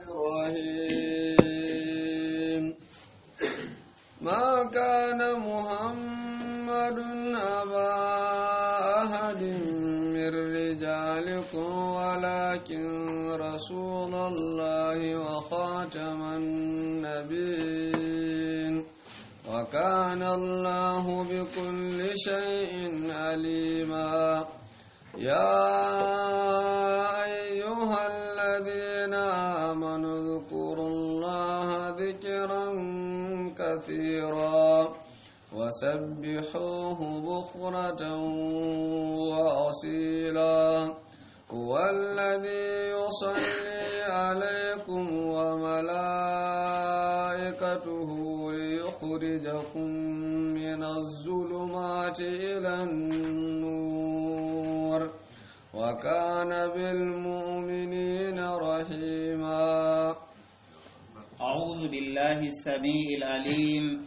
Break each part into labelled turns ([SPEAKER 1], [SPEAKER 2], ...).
[SPEAKER 1] الرحيم ما كان محمد أبا أحد من رجالكم ولكن رسول الله وخاتم النبيين وكان الله بكل شيء عليما يا وسبحوه بخرة وأصيلا هو الذي يصلي عليكم وملائكته ليخرجكم من الظلمات إلى النور وكان بالمؤمنين رحيما
[SPEAKER 2] أعوذ بالله السميع العليم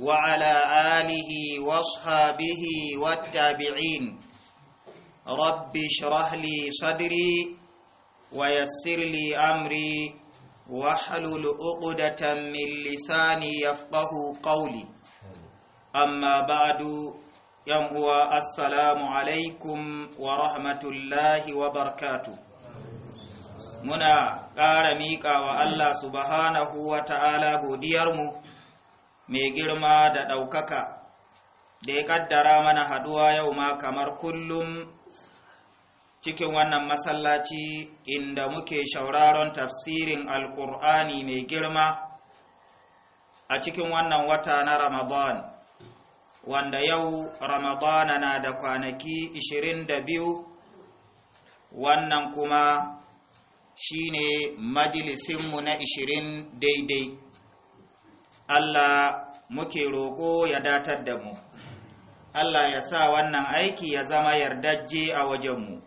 [SPEAKER 2] وعلى آله وصحبه والتابعين رب اشرح لي صدري ويسر لي أمري وحلل عقدة من لساني يفقه قولي أما بعد يوم هو السلام عليكم ورحمة الله وبركاته منا قارميك والله سبحانه وتعالى قديرمو mai girma da ɗaukaka da ya ƙaddara mana haduwa yau ma kamar kullum cikin wannan masallaci inda muke shauraron tafsirin alkur'ani mai girma a cikin wannan wata na ramadan wanda yau ramadana na da kwanaki 22 wannan kuma shine majalisinmu na 20 daidai Allah muke roƙo ya datar da mu Allah ya sa wannan aiki ya zama yardajje a wajenmu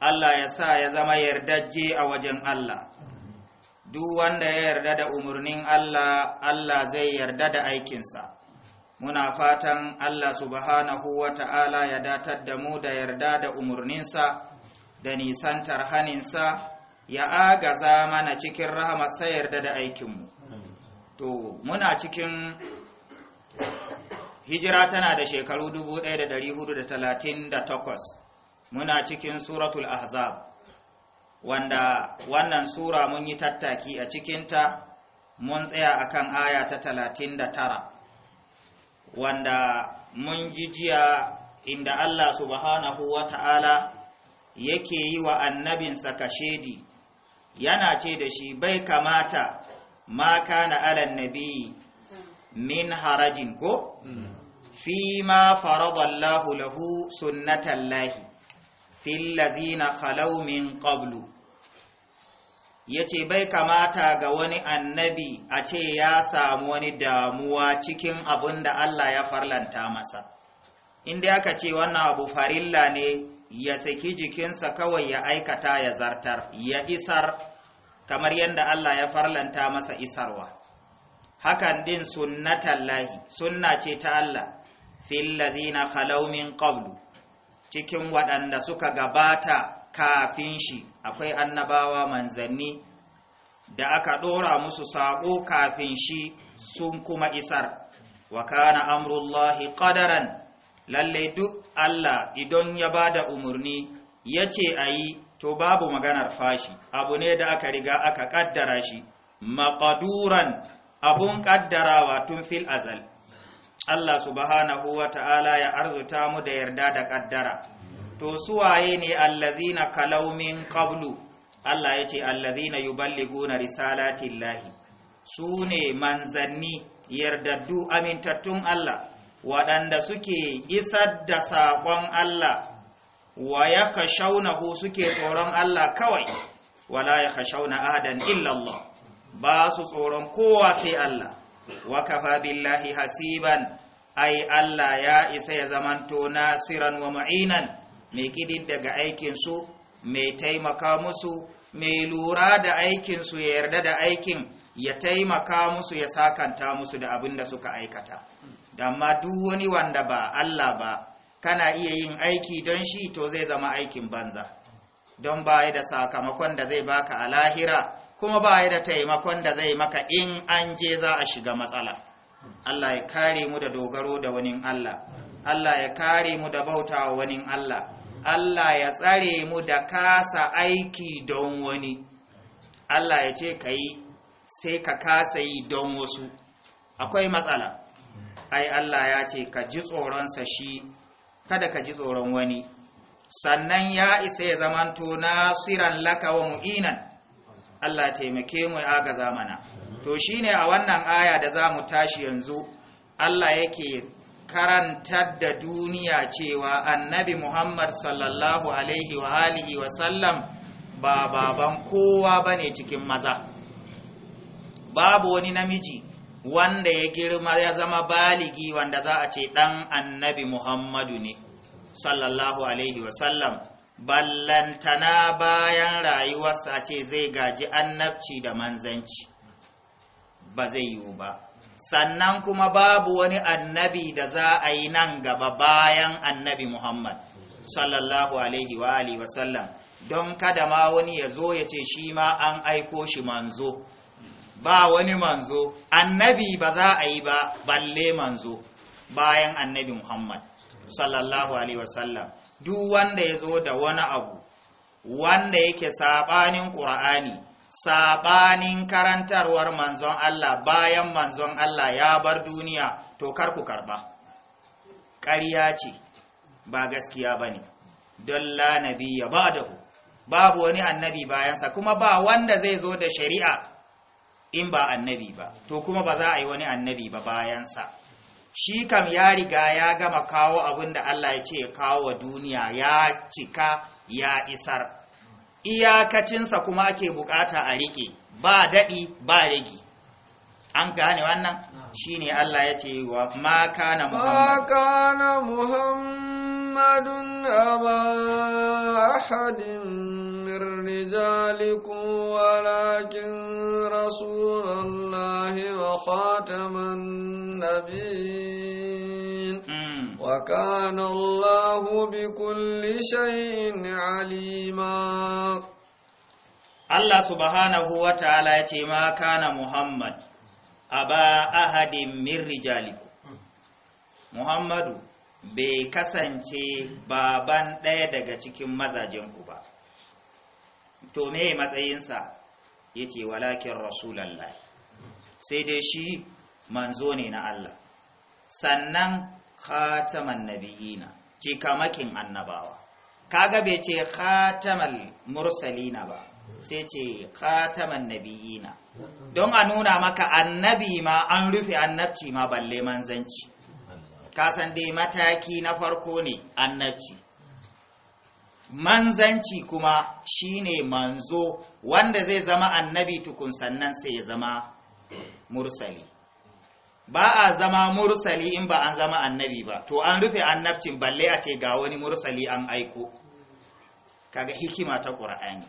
[SPEAKER 2] Allah ya sa ya zama yardajje a wajen Allah duk wanda ya yarda da umarnin Allah Allah zai yarda da aikinsa muna fatan Allah subhanahu wa ta'ala ya datar da mu da yarda da umarninsa da nisantar haninsa ya agaza mana cikin rahama yarda da aikinmu to muna cikin hijira tana da shekaru 1438 muna cikin suratul ahzab wanda wannan sura mun yi tattaki a cikinta mun tsaya akan aya ta 39 wanda mun ji jiya inda Allah subhanahu wa ta'ala yake yi wa annabinsa kashedi yana ce da shi bai kamata ma kana ala nabi min harajin ko fi ma farada lahu sunnatan lahi fil ladina khalaw min qablu yace bai kamata ga wani annabi a ce ya samu wani damuwa cikin abun da Allah ya farlanta masa inda aka ce wannan abu farilla ne ya saki jikinsa kawai ya aikata ya zartar ya isar kamar yadda Allah ya farlanta masa isarwa hakan din sunnatallahi sunna ce ta Allah fil ladina khalaw min qablu cikin waɗanda suka gabata kafin shi akwai annabawa manzanni da aka ɗora musu sako kafin shi sun kuma isar wa kana amrullahi ƙadaran lalle duk Allah idan ya ba da umarni yace to babu maganar fashi abu ne da aka riga aka kaddara shi maqaduran abun kaddarawa tun fil azal Allah subhanahu wa ta'ala ya arzuta mu da yarda da kaddara to su waye ne allazina kalau min qablu Allah ya ce allazina yuballiguna risalatillahi su ne manzanni yardaddu amintattun Allah waɗanda suke isar da saƙon Allah wa ya hu suke tsoron Allah kawai wala kashauna ahadan illa Allah ba su tsoron kowa sai Allah wa kafa billahi hasiban ai Allah ya isa ya zamanto nasiran wa mu'inan mai kidin daga aikinsu mai taimaka musu mai lura da aikinsu ya yarda da aikin ya taimaka musu ya sakanta musu da abin da suka aikata Dama duk wani wanda ba Allah ba kana iya yin aiki don shi to zai zama aikin banza don ba da sakamakon da zai baka a lahira kuma ba da taimakon da zai maka in an je za a shiga matsala Allah ya kare mu da dogaro da wani Allah Allah ya kare mu da bautawa wani Allah Allah ya tsare mu da kasa aiki don wani Allah ya ce ka yi sai ka kasa yi don wasu akwai matsala ai Allah ya ce ka ji tsoronsa shi kada ka ji tsoron wani sannan ya isa ya zamanto nasiran laka wa mu'inan Allah taimake mu a ga mana to shine a wannan aya da za mu tashi yanzu Allah yake karantar da duniya cewa annabi Muhammad sallallahu alaihi wa alihi wa sallam ba baban kowa bane cikin maza babu wani namiji wanda ya girma ya zama baligi wanda za a ce ɗan annabi Muhammadu ne, sallallahu Alaihi wasallam, ballantana bayan rayuwarsa ce zai gaji annabci da manzanci, ba zai yiwu ba. Sannan kuma babu wani annabi da za a yi nan gaba bayan annabi Muhammad, sallallahu Alaihi wa wasallam, don kada ma wani ya zo ya ce shi ma an aiko shi manzo. ba wani manzo annabi ba za a yi ba balle manzo bayan annabi muhammad sallallahu alaihi wasallam duk wanda ya zo da wani abu wanda yake sabanin ƙura'ani sabanin karantarwar manzon Allah bayan manzon Allah ya bar duniya to kar ku karba ƙarya ce ba gaskiya ba ne don la ya ba da babu wani annabi bayansa kuma ba wanda zai zo da shari'a in ba annabi ba to kuma ba za a yi wani annabi ba bayansa shi kam ya riga ya gama kawo abin da Allah ya ce ya kawo wa duniya ya cika ya isar iyakacinsa kuma ake bukata a riƙe ba daɗi ba rigi an gane wannan Shi ne Allah ya ce wa maka na
[SPEAKER 1] muhammadun Mirri jaliku alaƙin rasulallah waƙa ta Mandawari. Waƙan Allah bi kulli
[SPEAKER 2] shai in Allah subha nahu wata ya ce ma ka Muhammad a ahadin mirri jaliku. Muhammadu be kasance baban ɗaya daga cikin mazajen to me matsayinsa ya ce walakin rasulallah sai dai shi manzo ne na Allah sannan khataman nabiyina cikamakin annabawa kaga bai ce khataman mursalina ba sai ce khataman nabiyina don a nuna maka annabi ma an rufe annabci ma balle manzanci kasan dai mataki na farko ne annabci manzanci kuma shine manzo wanda zai zama annabi tukun sannan sai ya zama mursali ba a zama mursali in ba an zama annabi ba to an rufe annabcin balle a ce ga wani mursali an aiko kaga hikima ta ƙura'ani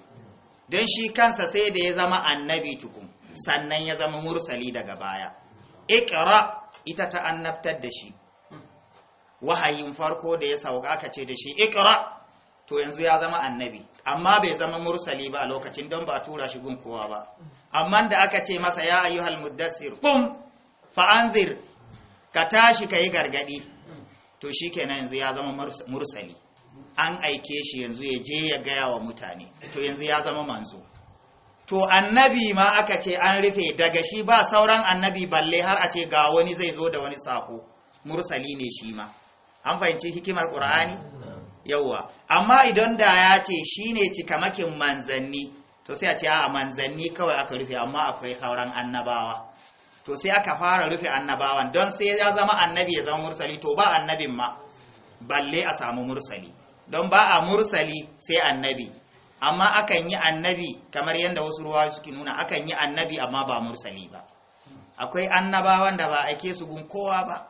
[SPEAKER 2] don shi kansa sai da ya zama annabi tukun sannan ya zama mursali daga baya ikra ita ta annabtar da shi wahayin farko da ya sauka aka ce da shi ikra to yanzu ya zama annabi amma bai zama mursali ba a lokacin don ba tura shi gun kowa ba amma da aka ce masa ya ayyuhal muddassir kum fa ka tashi kai gargadi to shikenan yanzu ya zama mursali an aike shi yanzu ya je ya gaya wa mutane to yanzu ya zama manzo to annabi ma aka ce an rufe daga shi ba sauran annabi balle har a ce ga wani zai zo da wani sako mursali ne shi ma an fahimci hikimar qur'ani yawwa amma idan da ya ce shi ne cikamakin manzanni to sai a ce a manzanni kawai aka rufe amma akwai sauran annabawa to sai aka fara rufe annabawan don sai ya zama annabi ya zama mursali to ba annabin ma balle a samu mursali don ba a mursali sai annabi amma akan yi annabi kamar yadda wasu ruwa suke nuna akan yi annabi amma ba mursali ba akwai annabawan da ba aike su gun kowa ba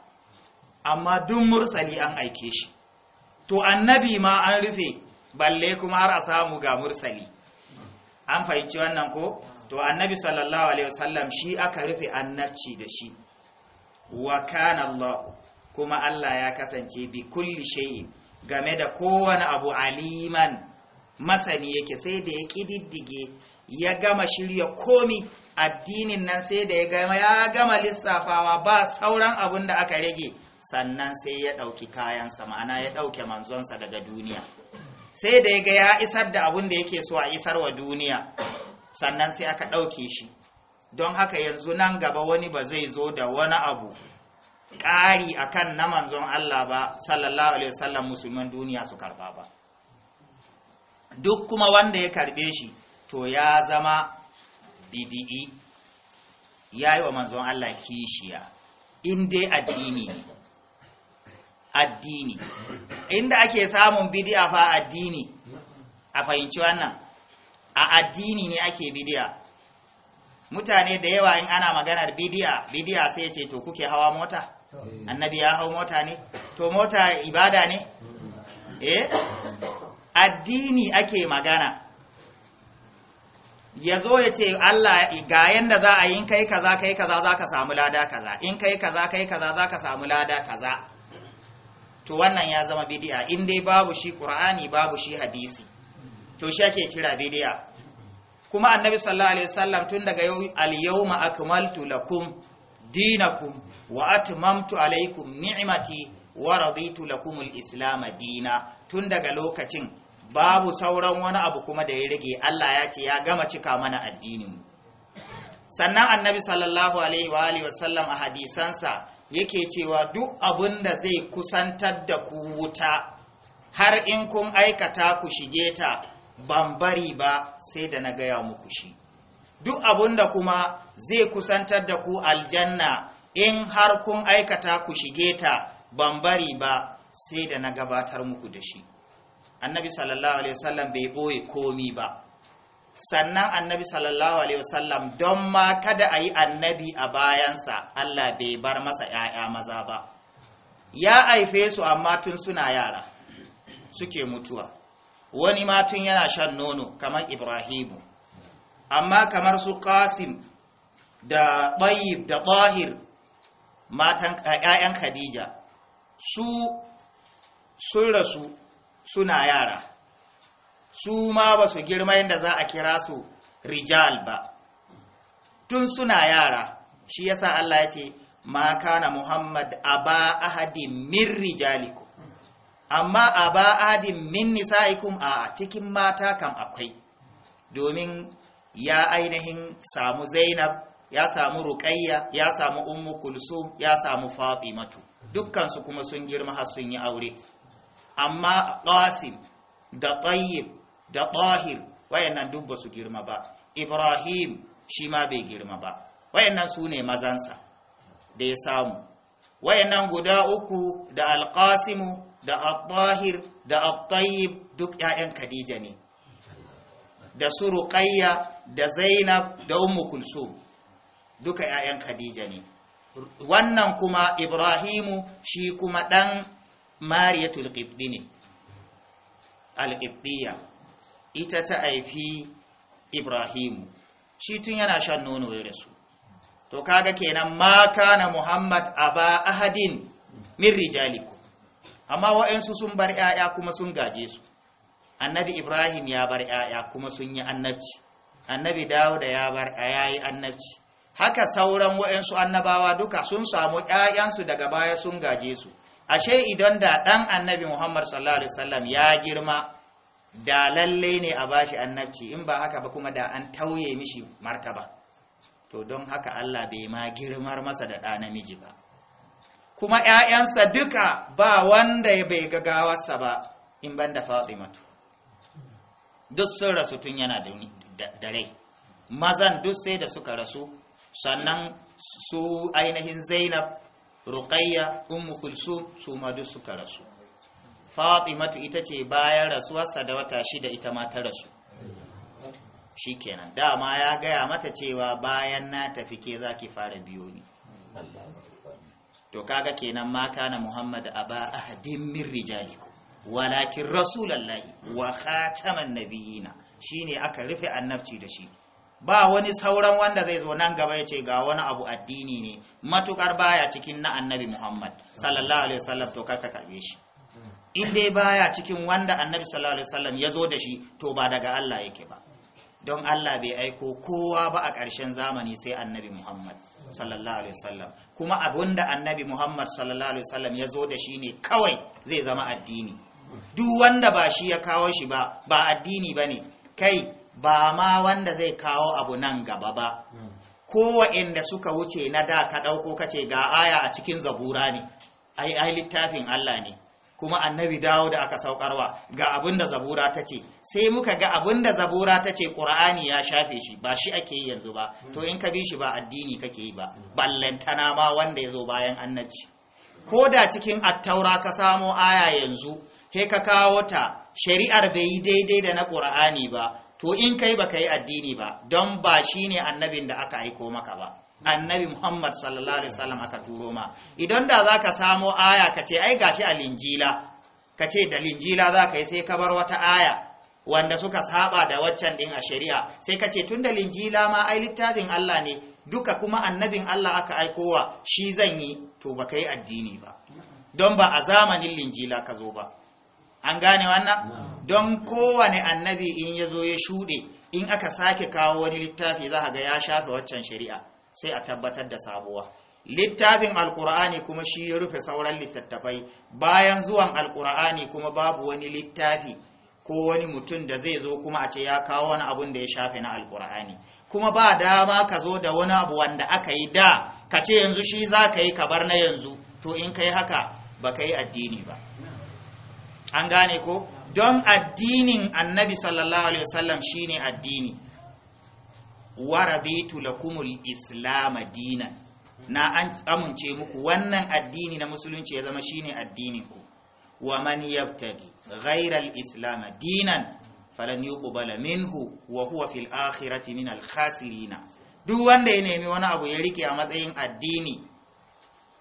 [SPEAKER 2] amma duk mursali an aike shi to annabi ma an rufe balle kuma har a samu ga mursali an fahimci wannan ko to annabi sallallahu alaihi wasallam shi aka rufe annabci da shi wa kana Allah kuma Allah ya kasance bi kulli shay'in game da kowane abu aliman masani yake sai da ya kididdige ya gama shirya komi addinin nan sai da ya gama ya gama lissafawa ba sauran abun da aka rage sannan sai ya ɗauki kayansa ma'ana ya ɗauke manzonsa daga duniya sai da ya ga ya isar da abin da yake so a isar wa duniya sannan sai aka ɗauke shi don haka yanzu nan gaba wani ba zai zo da wani abu ƙari a kan na manzon Allah ba sallallahu alaihi wasallam musulman duniya su karba ba duk kuma wanda ya karbe shi to ya zama bidi'i ya yi wa manzon Allah kishiya in dai addini ne addini inda ake samun bidiya fa addini a fahimci wannan a addini ne ake bidiya. mutane da yawa in ana maganar bidiya, bidiya sai ce to kuke hawa mota annabi ya hau mota ne to mota ibada ne eh addini ake magana ya zo ya ce Allah ga yanda za a yi in kai kaza kai kaza za ka samu lada kaza in kai kaza kai kaza za ka samu lada kaza to wannan ya zama bidi'a in dai babu shi qur'ani babu shi hadisi to shi ake kira bidi'a kuma annabi sallallahu alaihi wasallam tun daga yau al-yawma akmaltu lakum dinakum wa atmamtu alaikum ni'mati wa raditu lakum al-islam dina tun daga lokacin babu sauran wani abu kuma da ya rage Allah ya ce ya gama cika mana addinin sannan annabi sallallahu alaihi wa alihi wasallam a hadisansa yake cewa duk abin da zai kusantar da ku wuta har in kun aikata ku shige ta ban bari ba sai da na gaya muku shi duk abin da kuma zai kusantar da ku aljanna in har kun aikata ku shige ta ban bari ba sai da na gabatar muku da shi annabi sallallahu alaihi wasallam bai boye komi ba sannan annabi sallallahu alaihi wasallam don ma kada a yi annabi a bayansa Allah bai bar masa ‘ya'ya maza ba ya haife su amma tun suna yara suke mutuwa wani matun yana shan nono kamar ibrahimu amma kamar su qasim da ɓayib da ɓahir matan ‘ya'yan khadija su sun rasu suna yara su ma ba su girma yadda za a kira su rijal ba tun suna yara shi yasa Allah ya ce ma kana Muhammad a ba ahadin min rijaliku amma a aba ahadin min nisaikum a cikin mata kam akwai domin ya ainihin samu Zainab ya samu ruƙayya ya samu Ummu Kulsum ya samu Fatimatu matu kuma sun girma har sun yi aure amma Qasim da Tayyib da ɗahir wayannan duk basu su girma ba ibrahim shi ma bai girma ba wayannan su ne mazansa da ya samu wayannan guda uku da alqasimu da Abahir da at-tayyib duk ƴaƴan khadija ne da su ruqayya da zainab da ummu kulsum duka ƴaƴan khadija ne wannan kuma ibrahimu shi kuma ɗan mariyatul qibdi ne al-qibdiyya ita ta haifi ibrahimu shi tun yana shan nono ya rasu to kaga kenan ma kana muhammad aba ahadin min rijaliku amma wa'ansu sun bar 'ya'ya kuma sun gaje su annabi ibrahim ya bar 'ya'ya kuma sun yi annabci annabi dawuda ya bar yi annabci haka sauran wa'ansu annabawa duka sun samu 'ya'yansu daga baya sun gaje su ashe idan da ɗan annabi muhammad sallallahu alaihi wasallam ya girma da lalle ne a bashi annabci in ba haka ba kuma da an tauye mishi martaba to don haka Allah bai ma girmar masa da ɗa namiji ba kuma ‘ya'yansa duka ba wanda ya bai gagawarsa ba in ban da fatimatu duk sun rasu tun yana da rai mazan duk sai da suka rasu sannan su ainihin zainab ruqayya ummu kulsum su ma duk suka rasu fatimatu ita ce bayan rasuwarsa da wata shida ita ma ta rasu Shi kenan. dama ya gaya mata cewa bayan na tafi ke za ki fara biyo ni to kaga kenan ma kana muhammad a ba a hadin min rijaliku. walakin rasulullahi wa khataman nabiyina shine aka rufe annabci da shi ba wani sauran wanda zai zo nan gaba ya ce ga wani abu addini ne matuƙar baya cikin na annabi muhammad sallallahu alaihi wasallam to karka karbe shi in dai baya cikin wanda annabi sallallahu alaihi wasallam ya zo da shi to ba daga Allah yake ba don Allah bai aiko kowa ba a ƙarshen zamani sai annabi Muhammad sallallahu alaihi wasallam kuma abunda annabi Muhammad sallallahu alaihi wasallam ya zo da shi ne kawai zai zama addini duk wanda ba shi ya kawo shi ba ba addini bane kai ba ma wanda zai kawo abu nan gaba ba Kowa inda suka wuce na da ka ɗauko kace ga aya a cikin zabura ne ai ai littafin Allah ne kuma annabi dawo da aka saukarwa ga abin da zabura ta ce sai muka ga abin da zabura ta ce ƙura'ani ya shafe shi ba shi ake yi yanzu ba hmm. to in ka bi shi ba addini kake yi ba hmm. ballantana ma wanda ya zo bayan annabci ko da cikin attaura ka samo aya yanzu he ka kawo ta shari'ar bai yi daidai da na ƙura'ani ba to in kai ba ka yi addini ba don ba shi ne annabin da aka aiko maka ba annabi muhammad sallallahu alaihi wasallam aka turo ma idan da za ka samo aya kace ce ai gashi a linjila ka da linjila za ka yi sai ka bar wata aya wanda suka saba da waccan din a shari'a sai kace ce tun da linjila ma ai littafin allah ne duka kuma annabin allah aka aikowa shi zan yi to ba yi addini ba don ba a zamanin linjila ka zo ba an gane wannan don kowane annabi in ya zo ya shuɗe in aka sake kawo wani littafi za ga ya shafe waccan shari'a sai a tabbatar da sabuwa littafin alkur'ani kuma shi ya rufe sauran littattafai bayan zuwan alkur'ani kuma babu wani littafi ko wani mutum da zai zo kuma a ce ya kawo wani abun da ya shafe na alkur'ani kuma ba dama ka zo da wani abu wanda aka yi da ka ce yanzu shi za ka yi kabar na yanzu to in ka yi haka ba ka yi addini ba an gane ko don addinin annabi sallallahu alaihi wasallam shine addini wa lakumul islam dinan na amince muku wannan addini na musulunci ya zama shine addinin ku wa man yabtagi ghayra al-islam dinan falan yuqbala minhu wa huwa fil akhirati min al-khasirin duk wanda ya nemi wani abu ya rike a matsayin addini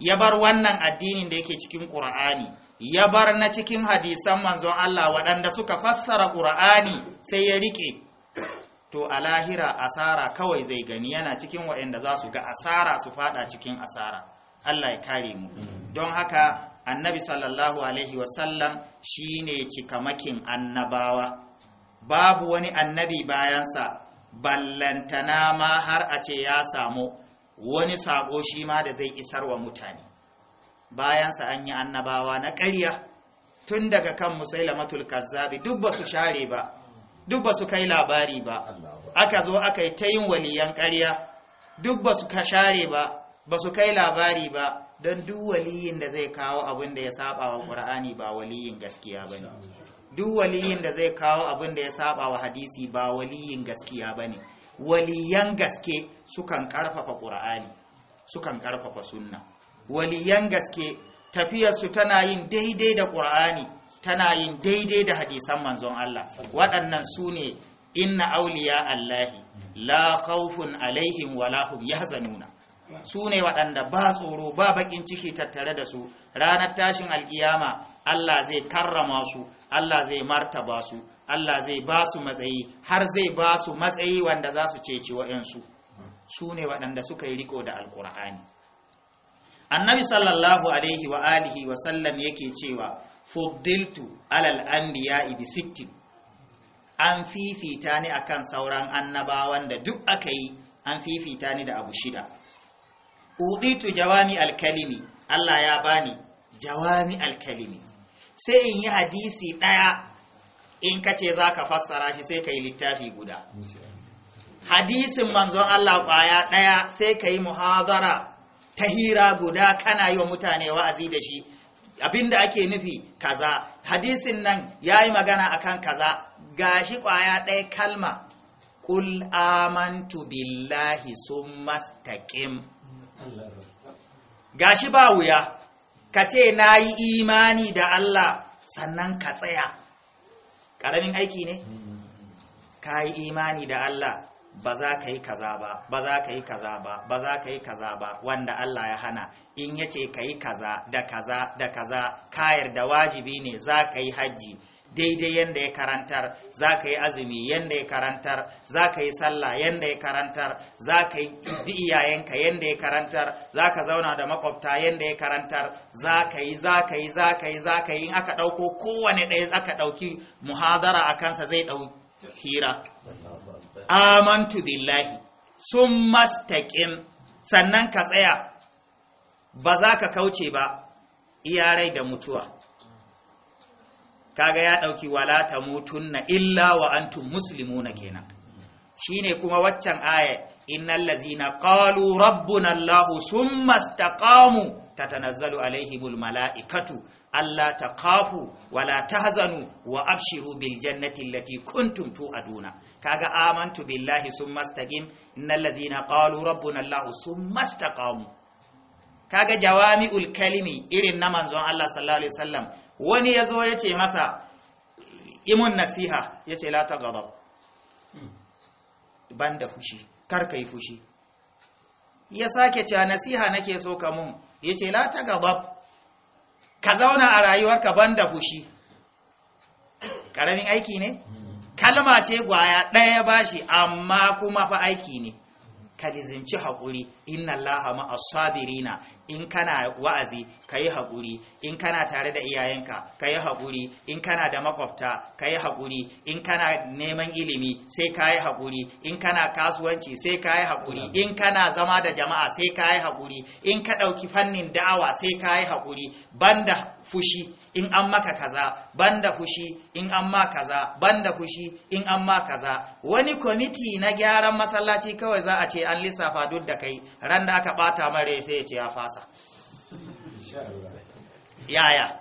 [SPEAKER 2] ya bar wannan addinin da yake cikin Qur'ani ya bar na cikin hadisan manzon Allah waɗanda suka fassara Qur'ani sai ya rike to a lahira asara kawai zai gani yana cikin waɗanda za su ga asara su fada cikin asara Allah ya kare mu don haka annabi sallallahu alaihi wasallam shine cikamakin annabawa babu wani annabi bayansa ballantana ma har a ce ya samu wani sabo shi ma da zai isar wa mutane bayansa an yi annabawa na karya, tun daga kan musailamatul kazzabi duk ba su share ba duk ba su kai labari ba aka zo aka yi ta yin waliyan ƙarya duk ba su ka share ba ba su kai labari ba don duk waliyin da zai kawo abin da ya saba wa ƙur'ani ba waliyin gaskiya ba ne duk waliyin da zai kawo abin da ya saba wa hadisi ba waliyin gaskiya ba ne waliyan gaske sukan ƙarfafa ƙura'ani sukan ƙarfafa sunna waliyan gaske tafiyarsu tana yin daidai da ƙur'ani tana yin daidai da hadisan manzon Allah waɗannan su ne inna auliya Allahi la khawfun alaihim ya hum yahzanuna su ne waɗanda ba tsoro ba bakin ciki tattare da su ranar tashin alkiyama Allah zai karrama su Allah zai martaba su Allah zai ba su matsayi har zai ba su matsayi wanda za su ceci wa'yansu su ne waɗanda suka yi riko da alkur'ani annabi sallallahu alaihi wa alihi wa sallam yake cewa fuddiltu alal anbiya bi sittin an fifita ni akan sauran annabawan da duk aka yi an fifita ni da abu shida uditu jawami alkalimi Allah ya bani jawami alkalimi sai in yi hadisi ɗaya in ka ce za ka fassara shi sai ka yi littafi guda hadisin manzon Allah ƙwaya ɗaya sai ka yi muhadara ta hira guda kana yi wa mutane wa'azi da shi abinda ake nufi kaza hadisin nan ya yi magana akan kaza gashi kwaya ɗaya kalma qul amantu billahi Ga gashi ba wuya ka ce na yi imani da Allah sannan ka tsaya Ƙaramin aiki ne Ka yi imani da Allah ba za ka yi kaza ba ba za ka yi kaza ba ba za ka yi kaza ba wanda Allah ya hana in ya ce ka yi kaza da kaza da kaza ka yarda wajibi ne za ka yi hajji daidai yadda ya karantar za ka yi azumi yadda ya karantar za ka yi sallah yadda ya karantar za ka bi iyayenka yadda ya karantar za ka zauna da makwabta yadda ya karantar za ka yi za ka yi za ka yi za ka yi in aka ɗauko kowane ɗaya aka ɗauki muhadara a kansa zai ɗau hira amantu billahi sun mastaƙin sannan ka tsaya ba za ka kauce ba iya rai da mutuwa kaga ya ɗauki wala ta mutunna illa wa antum muslimuna kenan shine kuma waccan aya innal ladzina qalu rabbuna allah summa istaqamu tatanazzalu alaihimul mala'ikatu alla taqafu wala tahzanu wa abshiru bil jannati allati kuntum tu'aduna kaga amantu billahi summa istaqim innal ladzina qalu rabbuna allah summa istaqamu kaga jawami'ul kalimi irin na manzon Allah sallallahu alaihi wasallam wani yazo yace masa imun nasiha yace la taghdab banda fushi kar kai fushi ya sake cewa nasiha nake so ka mun yace la taghdab ka zauna a rayuwarka banda fushi karamin aiki ne hmm. kalma ce gwaya ɗaya bashi amma kuma fa aiki ne ka lizinci hakuri, inna allaha ma asabirina in kana wa'azi kayi haƙuri in kana tare da iyayenka kayi hakuri. in kana da makwabta kayi haƙuri in kana neman ilimi sai kayi hakuri. in kana kasuwanci sai kayi hakuri. in kana zama da jama'a sai kayi hakuri. in ka ɗauki fannin da'awa sai kayi haƙuri banda fushi in an maka kaza banda fushi in an ma kaza banda fushi in an ma kaza wani kwamiti na gyaran masallaci kawai za a ce an lissafa duk da kai ran da aka bata mare sai ya ce ya fasa yaya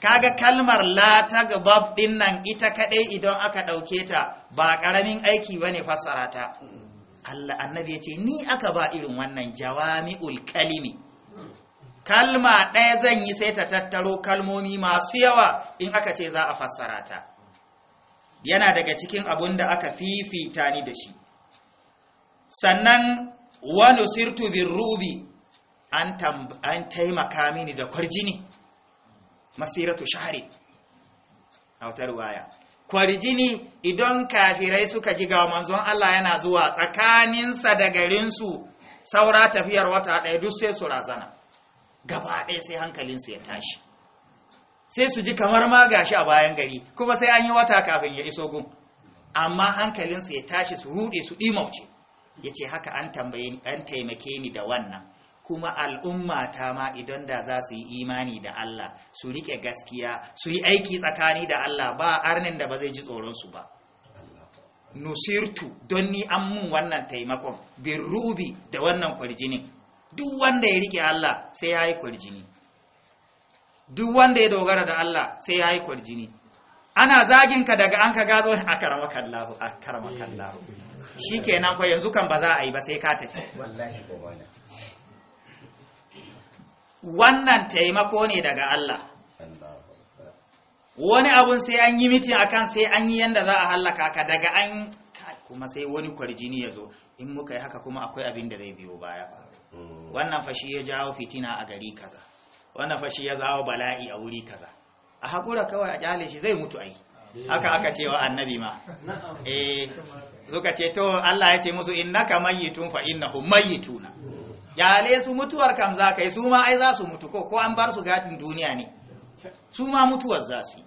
[SPEAKER 2] kaga kalmar la tagbab din nan ita kadai idan aka dauke ta ba karamin aiki bane fassara ta mm. Allah annabi ya ce ni aka ba irin wannan jawami'ul kalimi kalma ɗaya zan yi sai ta tattaro kalmomi masu yawa in aka ce za a fassara ta yana daga cikin abun da aka fifita ni da shi sannan wani sirtu bin rubi an taimaka mini da kwarjini masiratu shahari autar waya kwarjini idan kafirai suka ji ga manzon Allah yana zuwa tsakaninsa da garinsu saura tafiyar wata ɗaya duk sai su razana gaba ɗaya sai hankalinsu ya tashi sai su ji kamar ma gashi a bayan gari kuma sai an yi wata kafin ya iso gun amma hankalinsu ya tashi su ruɗe su ɗimauce ya ce haka an taimake ni da wannan kuma al'umma ta ma idan da za su yi imani da Allah su riƙe gaskiya su yi aiki tsakani da Allah ba arnin da ba zai ji tsoronsu ba nusirtu don ni an mun wannan taimakon bin rubi da wannan kwarjinin duk wanda ya rike Allah sai ya yi kwarjini duk wanda ya dogara da Allah sai ya yi kwarjini ana zagin ka daga an ka gazo a kallahu a kallahu shi nan kwa yanzu kan ba za a yi ba sai ka tafi wannan taimako ne daga Allah wani abun sai an yi mitin akan sai an yi yanda za a hallaka ka daga an kuma sai wani kwarjini ya zo in muka yi haka kuma akwai abin da zai biyo baya ba Mm. wannan fashi ya jawo fitina a gari kaza wannan fashi ya zawo bala'i a wuri kaza a haƙura kawai a ƙyale shi zai mutu ai haka aka ce wa annabi ma eh suka ce to Allah ya ce musu innaka mayyitun fa innahum mayyituna kyale su mutuwar kam za ka yi su ma ai za su mutu ko ko an bar su gadin duniya ne su ma mutuwar za su yi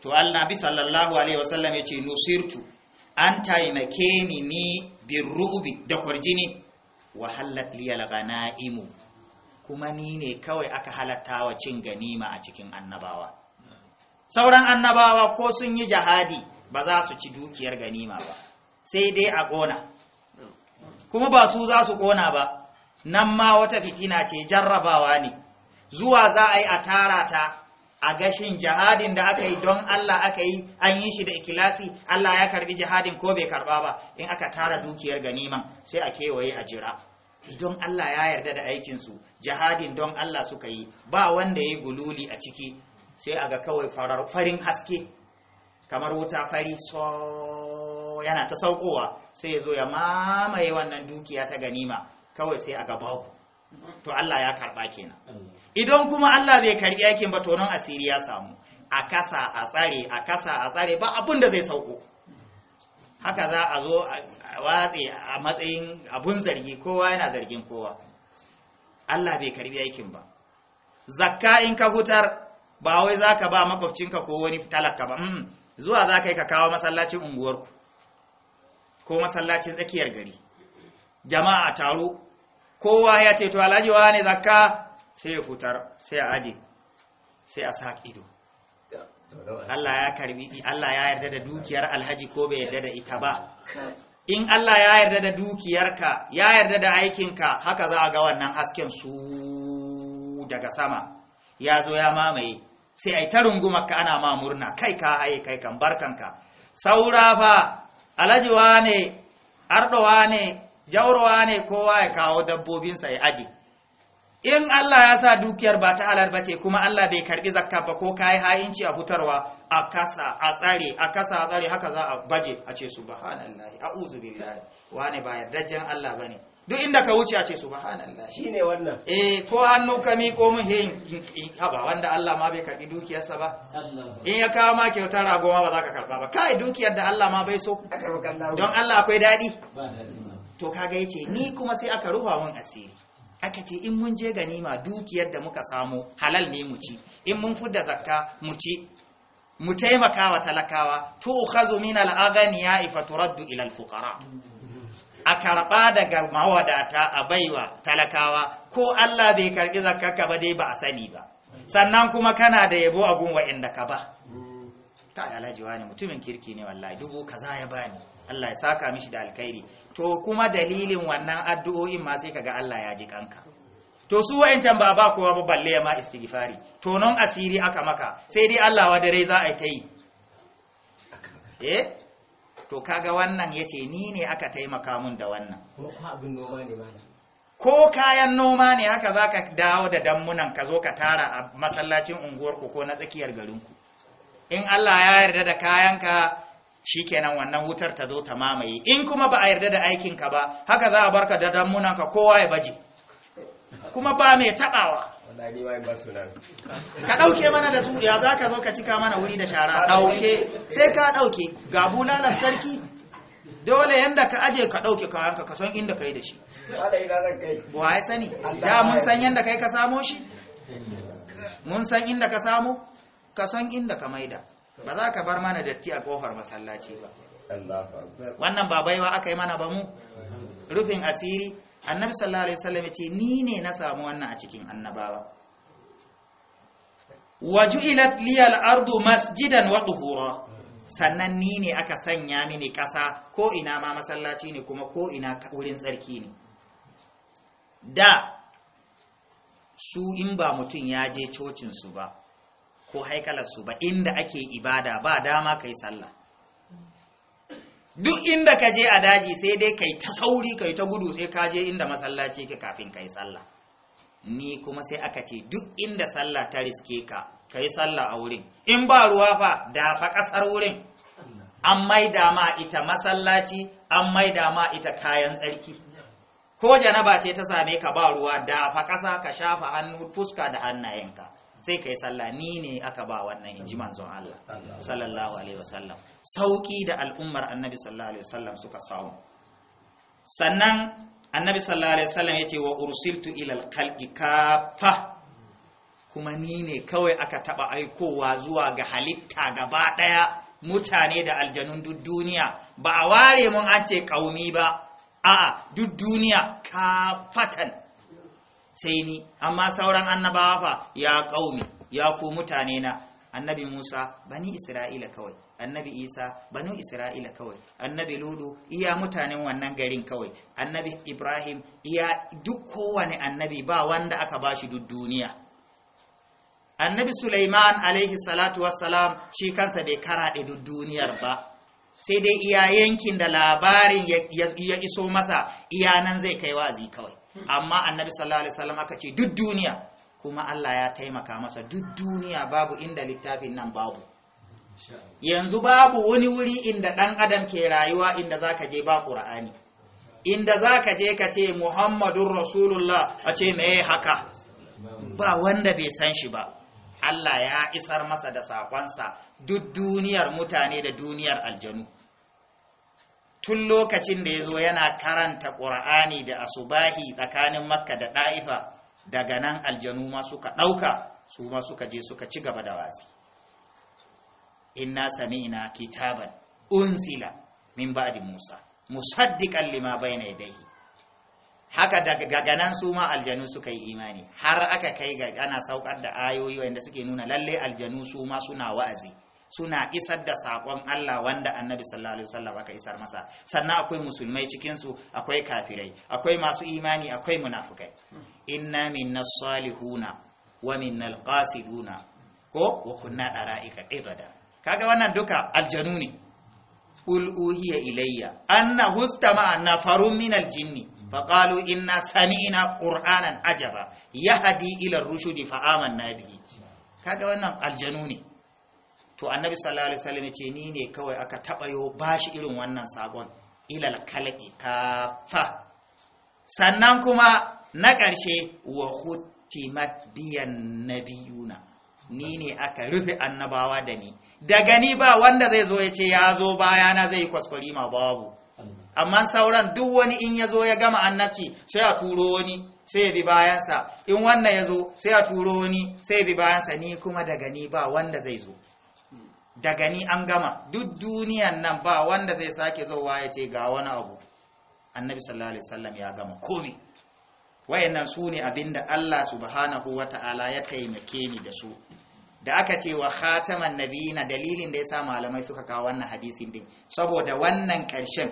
[SPEAKER 2] to annabi sallallahu alaihi wasallam ya ce nusirtu an taimake ni ni birrubi da kwarjini wa hallat liyal ghanaimu kuma ni ne kawai aka halatta wa cin ganima a cikin annabawa sauran annabawa ko sun yi jihadi ba za su ci dukiyar ganima ba sai dai a ƙona kuma ba su za su ƙona ba nan ma wata fitina ce jarrabawa ne zuwa za a yi a tara ta a gashin jihadin da aka yi don Allah aka yi an yi shi da ikilasi Allah ya karbi jihadin ko bai karba ba in aka tara dukiyar ganima sai a kewaye a jira idan Allah ya yarda da aikinsu jihadin don Allah suka yi ba wanda ya yi gululi a ciki sai a ga kawai farin haske kamar wuta fari so yana ta saukowa sai ya zo ya mamaye wannan dukiya ta ganima kawai sai a ga babu to Allah ya karba kenan idan kuma Allah bai karbi aikin ba tonon asiri ya samu a kasa a tsare a kasa a tsare ba abun da zai sauko haka za a zo a watse a matsayin abun zargi kowa yana zargin kowa Allah bai karbi aikin ba zakka in ka hutar ba wai zaka ba makwabcinka ko wani talaka ba zuwa za ka yi ka kawo masallacin unguwarku ko masallacin tsakiyar gari jama'a taro kowa ya ce to alhaji wa ne zakka sai ya fitar sai a aje sai a sa ido Allah ya karbi Allah ya yarda da dukiyar alhaji ko bai yarda da ita ba in Allah ya yarda da dukiyarka ya yarda da aikinka haka za a ga wannan hasken su daga sama ya zo ya mamaye sai a yi ta rungumarka ana ma murna kai ka haye kai kan barkanka saura fa alhaji ne ardowa ne jaurowa ne kowa ya kawo dabbobinsa ya aji in Allah ya sa dukiyar ba ta ba ce kuma Allah bai karbi zakka ba ko kai ha'inci a fitarwa a kasa a tsare a kasa a tsare haka za a baje a ce subhanallahi a'udhu billahi wani ba yardajen Allah bane duk inda ka wuce a ce subhanallah shine wannan eh ko hannu ka miƙo mun he haba wanda Allah ma bai karbi dukiyarsa ba in ya kawo ma kyautar rago ma ba za ka karba ba kai dukiyar da Allah ma bai so don Allah akwai dadi to kaga yace ni kuma sai aka rufa mun asiri aka ce in mun je ganima dukiyar da muka samu halal ne mu ci in mun fudda zakka mu ci mu taimaka wa talakawa to ukhazu min al-aghniya fa turaddu ila al-fuqara a karɓa daga mawadata a baiwa talakawa ko Allah bai karɓi ka ba dai ba a sani ba sannan kuma kana da yabo a gun wa'inda ka ba ta alhaji wani mutumin kirki ne wallahi dubu kaza ya bani Allah ya saka mishi da alkhairi to kuma dalilin wannan addu'o'in ma sai kaga Allah ya ji kanka to su wa'ancan ba ba kowa ba balle ma istighfari to non asiri aka maka sai dai Allah wa dare za a yi eh to kaga wannan yace ni ne aka taimaka mun da wannan ko kayan noma ne haka zaka dawo da dammunan ka zo ka tara a masallacin unguwarku ko na tsakiyar garinku in Allah ya yarda da kayanka shikenan wannan wutar ta zo ta mamaye in kuma ba a yarda da aikin ka ba haka za a barka da dammunan ka kowa ya baje kuma ba mai tabawa ka dauke mana da suriya za ka zo ka cika mana wuri da shara dauke sai ka dauke ga bulala sarki dole yanda ka aje ka dauke kayanka ka san inda kai da shi buwa ya sani da mun san yanda kai ka samo shi mun san inda ka samo ka san inda ka maida ba za ka bar mana datti a kofar masallaci ba wannan ba baiwa aka yi mana ba mu rufin asiri annabi sallallahu alaihi wasallam ce ni ne na samu wannan a cikin annabawa ilat liyal ardu masjidan wa tuhura sannan ni ne aka sanya mini ƙasa ko ina ma masallaci ne kuma ko ina wurin tsarki ne da su in ba mutum ya je cocin su ba ko haikalarsu ba inda ake ibada ba dama kai sallah duk inda ka je a daji sai dai kai ta sauri kai ta gudu sai ka je inda masallaci ka kafin kai sallah ni kuma sai aka ce duk inda sallah ta riske ka kai sallah a wurin in ba ruwa fa da fa kasar wurin an maida ma ita masallaci an maida ma ita kayan tsarki ko janaba ce ta same ka ba ruwa da fa kasa ka shafa hannu fuska da hannayenka sai kai sallah ni ne aka ba wannan ji manzon Allah sallallahu alaihi wasallam sauki da al'ummar annabi sallallahu alaihi wasallam suka samu sannan annabi sallallahu alaihi wasallam yace wa ursiltu ila al-khalqi kafa kuma ni ne kawai aka taba aikowa zuwa ga halitta gaba daya mutane da aljanun duk duniya ba a ware mun an ce kaumi ba a'a duk duniya kafatan sai ni amma sauran annabawa fa ya kaumi ya ku mutane na annabi Musa bani Isra'ila kawai annabi Isa banu Isra'ila kawai annabi Ludu iya mutanen wannan garin kawai annabi Ibrahim iya duk kowane annabi ba wanda aka bashi duk duniya annabi Sulaiman alaihi salatu wassalam shi kansa bai karaɗe duk duniyar ba sai dai iya yankin da labarin ya iso masa iya nan zai kai wazi kawai amma annabi sallallahu alaihi wasallam aka ce duk duniya kuma Allah ya taimaka masa duk duniya babu inda littafin nan babu yanzu babu wani wuri inda dan adam ke rayuwa inda zaka je ba qur'ani inda zaka je ka ce muhammadur rasulullah a ce me haka ba wanda bai san shi ba Allah ya isar masa da sakonsa duk duniyar mutane da duniyar aljanu tun lokacin da ya zo yana karanta ƙura'ani da asubahi tsakanin makka da ɗa'ifa daga nan aljanu ma suka ɗauka su ma suka je suka ci gaba da wasi inna sami'na kitaban unsila min ba'di musa musaddiqan lima bayna yadayhi haka daga nan su ma aljanu suka yi imani har aka kai ga ana sauƙar da ayoyi wanda suke nuna lallai aljanu su ma suna wa'azi suna isar da saƙon Allah wanda annabi sallallahu alaihi wasallam aka isar masa sannan akwai musulmai cikin su akwai kafirai akwai masu imani akwai munafukai inna minna salihuna wa minnal qasiduna ko wa kunna dara'ika qidada kaga wannan duka aljanu ne qul uhiya ilayya annahu istama'a nafarun minal jinni فقالوا إنا سمعنا قرآنا عجبا يهدي إلى الرشد فآمنا به kaga wannan aljanu ne to annabi sallallahu alaihi wasallam ce ni ne kawai aka tabayo bashi irin wannan sabon ilal kalqi kafa sannan kuma na ƙarshe wa khutimat biyan nabiyuna ni ne aka rufe annabawa da ni daga ni ba wanda zai zo ya ce ya zo baya na zai yi kwaskwari ma babu amma sauran duk wani in ya zo ya gama annabci sai a turo wani sai ya bi bayansa in wannan ya zo sai a turo wani sai ya bi bayansa ni kuma daga ni ba wanda zai zo daga ni an gama duk duniyan nan ba wanda zai sake zowa ya ce ga wani abu annabi sallallahu alaihi wasallam ya gama komi wayannan su ne abinda Allah subhanahu wata'ala ya taimake ni da su da aka ce wa khataman nabiyina dalilin da yasa malamai suka kawo wannan hadisin din saboda wannan karshen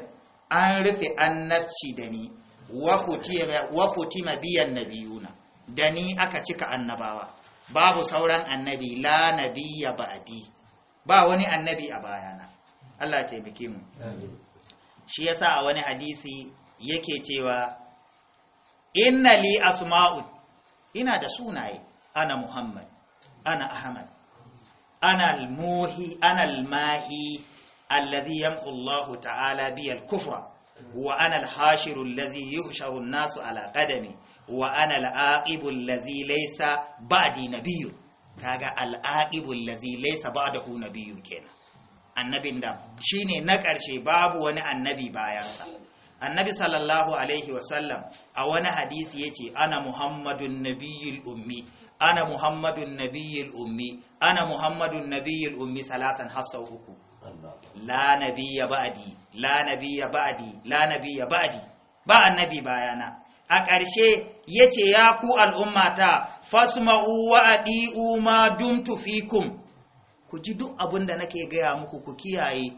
[SPEAKER 2] an rufe annabci da ni wa khutima wa biyan nabiyuna da ni aka cika annabawa babu sauran annabi la nabiyya ba'di ba wani annabi a bayana Allah ya taimake mu shi yasa a wani hadisi yake cewa inna li asma'u ina da sunaye ana muhammad ana ahmad ana ana almahi alladhi yamhu Allah ta'ala bi al-kufra wa ana al-hashiru alladhi yuhsharu an-nasu ala qadami wa ana al-aqibu alladhi laysa ba'di nabiyyun kaga al'aqibul lazi laysa ba'dahu nabiyyun kenan annabin da shine na ƙarshe babu wani annabi bayan sa. annabi sallallahu alaihi wasallam a wani hadisi yace ana muhammadun nabiyyul ummi ana muhammadun nabiyyul ummi ana muhammadun nabiyyul ummi salasan hasau uku la nabiyya ba'di la nabiyya ba'di la nabiyya ba'di ba annabi bayana a ƙarshe ya ce ya ku al'ummata fasma'u wa adi'u ma dumtu fikum ku ji duk abin da nake gaya muku ku kiyaye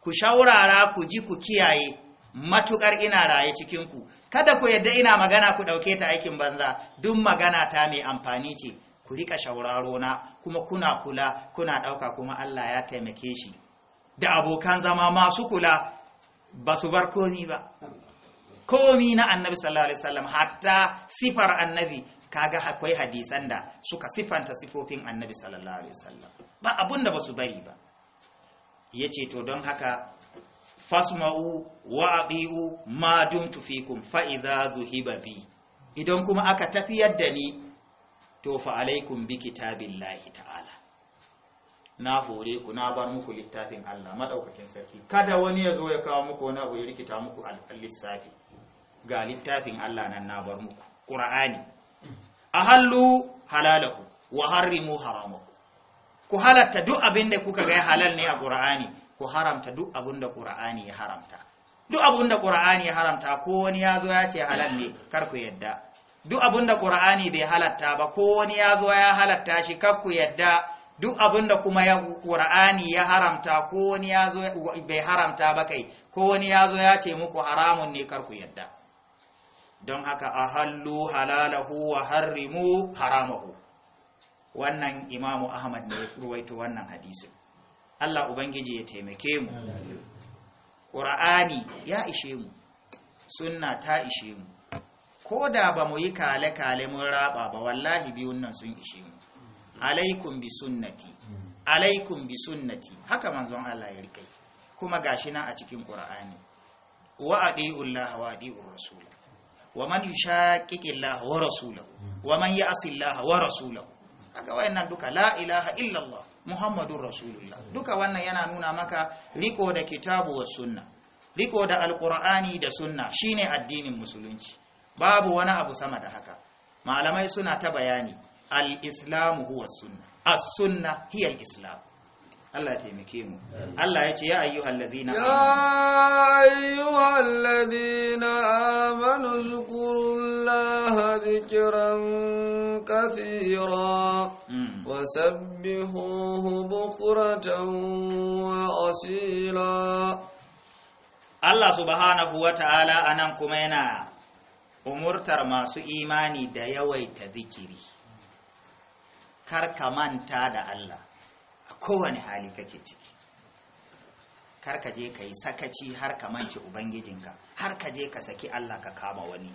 [SPEAKER 2] ku shaurara ku ji ku kiyaye matuƙar ina raye cikinku kada ku yadda ina magana ku ɗauke ta aikin banza duk magana ta mai amfani ce ku riƙa shauraro na kuma kuna kula kuna ɗauka kuma Allah ya taimake shi da abokan zama masu kula ba su bar komi ba komi na annabi sallallahu alaihi wasallam hatta sifar annabi kaga akwai hadisan da suka sifanta sifofin annabi sallallahu alaihi wasallam ba abunda basu bari ba yace to don haka fasma'u wa abi'u ma dumtu fikum fa idza zuhiba bi idan kuma aka tafiyar da ni to fa alaikum bi kitabillahi ta'ala na hore ku na bar muku littafin Allah madaukakin sarki kada wani ya zo ya kawo muku wani abu ya rikita muku al-lissafi ga littafin Allah nan na bar muku qur'ani ahallu halalahu wa harrimu haramahu ku halatta duk abin da kuka ga halal ne a qur'ani ku haramta duk abin da qur'ani ya haramta duk abin da qur'ani ya haramta ko wani ya zo ya ce halal ne kar ku yadda duk abin da qur'ani bai halatta ba ko wani ya zo ya halatta shi kar ku yadda duk abin da kuma ya Qur'ani ya haramta ko wani ya zo bai haramta ba kai ko wani ya zo ya ce muku haramun ne kar ku yadda don haka hallu halalahu wa harrimu haramahu wannan imamu ahmad ne ruwaito wannan hadisin Allah ubangiji ya taimake mu Qur'ani ya ishe mu sunna ta ishe mu ko da ba mu yi kale-kale mun raba ba wallahi biyun nan sun ishe mu alaikum bi sunnati alaikum bi sunnati haka manzon Allah ya rike kuma gashi na a cikin Qur'ani wa adi'ullahi wa adi'ur rasul wa man yushaqiqillaha wa rasulahu wa man ya'sillaha wa rasulahu kaga wayannan duka la ilaha illallah muhammadur rasulullah duka wannan yana nuna maka riko da kitabu was sunna riko da alqur'ani da sunna shine addinin musulunci babu wani abu sama da haka malamai suna ta bayani al'islamu huwa sunna as-sunna hiya islam Allah taimake mu Allah ya ce ya ayyuhal ladina ya ayyuhal ladina
[SPEAKER 1] amanu zkurullaha dhikran kathira
[SPEAKER 3] hmm.
[SPEAKER 2] wasabbihuhu bukratan wa asila Allah subhanahu wa ta'ala a nan kuma yana umurtar masu imani da yawaita zikiri, kar ka manta da Allah, kowane hali kake ciki kar ka je ka yi sakaci har ka manci ubangijinka har ka je ka saki Allah ka kama wani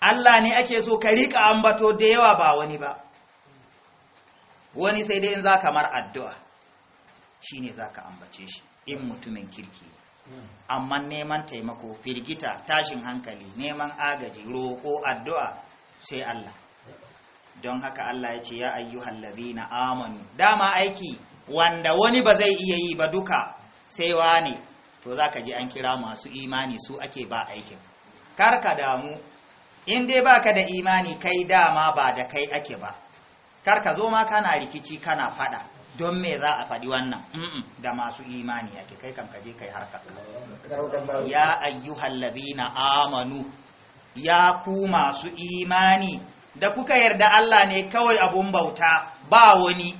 [SPEAKER 2] Allah ne ake so ka rika ambato da yawa ba wani ba wani sai dai in za kamar addu'a shi ne za ka ambace shi in mutumin kirki amma neman taimako firgita tashin hankali neman agaji roko, addu'a sai Allah don haka Allah ya ce ya ayyuhan na amanu dama aiki wanda wani ba zai iya yi ba duka sai wani to zaka ji an kira masu imani su ake ba aikin kar ka damu in dai baka da imani kai dama ba da kai ake ba kar ka zo ma kana rikici kana fada don me za a faɗi wannan da masu imani yake kai kan kaje kai harkar ya ayyuhal ladhina amanu ya ku masu imani da kuka yarda Allah ne kawai abun bauta ba wani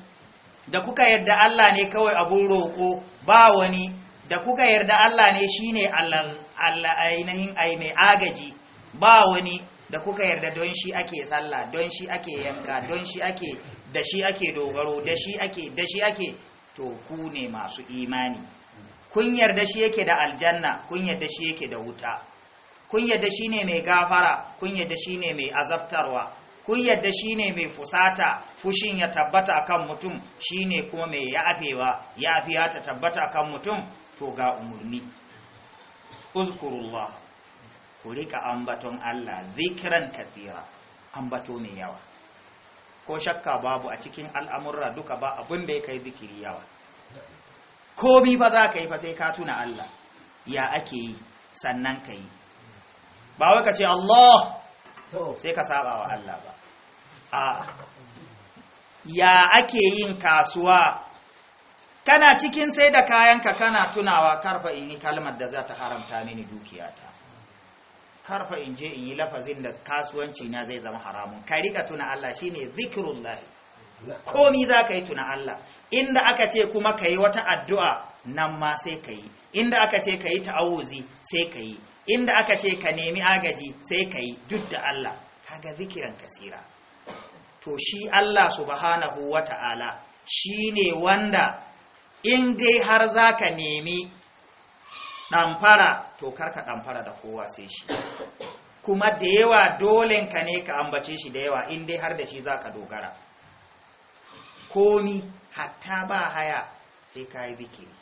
[SPEAKER 2] da kuka yarda Allah ne kawai abun roƙo ba wani da kuka yarda Allah ne shine Allah Allah ainihin ai mai agaji ba wani da kuka yarda don shi ake sallah don shi ake yanka don shi ake da shi ake dogaro da shi ake da shi ake to ku ne masu imani kun yarda shi yake da aljanna kun yarda shi yake da wuta kun yarda shi ne mai gafara kun yarda shi ne mai azabtarwa kun yadda ne mai fusata fushin ya tabbata kan mutum shi ne kuma mai yafewa yafiya ta tabbata kan mutum to ga umarni. uzkurullah ku rika ambaton Allah zikiran kasira ambato mai yawa ko shakka babu a cikin al'amurra duka ba abin da ya kai zikiri yawa ko bi fa za ka yi fa sai ka tuna Allah ya ake yi sannan ka yi ba wai ka ce Allah sai ka saba wa Allah ba a ya ake yin kasuwa kana cikin sai da kayanka kana tunawa karfa in yi kalmar da za ta haramta mini dukiyata karfa in je in yi lafazin da kasuwanci na zai zama haramun ka rika tuna Allah shi shine zikrullah komi za ka yi tuna Allah inda aka ce kuma ka yi wata addu'a nan ma sai ka yi inda aka ce ka yi ta'awuzi sai ka yi inda aka ce ka nemi agaji sai ka yi duk da Allah kaga zikiran kasira to shi Allah subhanahu wa ta'ala shi ne wanda in dai har za ka nemi ɗamfara to karka ɗamfara da kowa sai shi kuma da yawa dolenka ne ka ambace shi da yawa in dai har da shi za ka dogara komi hatta ba haya sai ka yi zikiri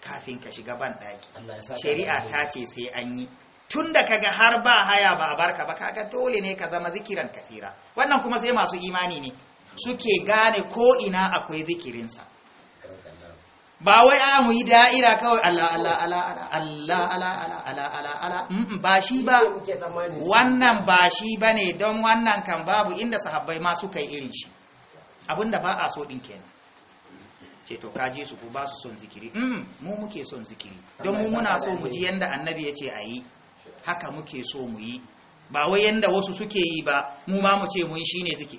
[SPEAKER 2] kafin ka shiga ban ɗaki shari'a ta ce sai an yi tun da kaga har ba haya ba a barka ba kaga dole ne ka zama zikiran kasira wannan kuma sai masu imani ne suke gane ko ina akwai zikirinsa ba wai a ah, mu yi da'ira kawai Allah Allah Allah Allah Allah Allah Allah Allah Allah ba shi ba wannan ba shi bane don wannan kan babu inda sahabbai ma suka yi irin shi abinda ba a so din kenan ce to kaje su ku, ba su son zikiri mu muke son zikiri don mu muna so mu ji yanda annabi ya ce a yi haka muke so mu yi ba wai yanda wasu suke yi ba mu ma mu ce mun shine ziki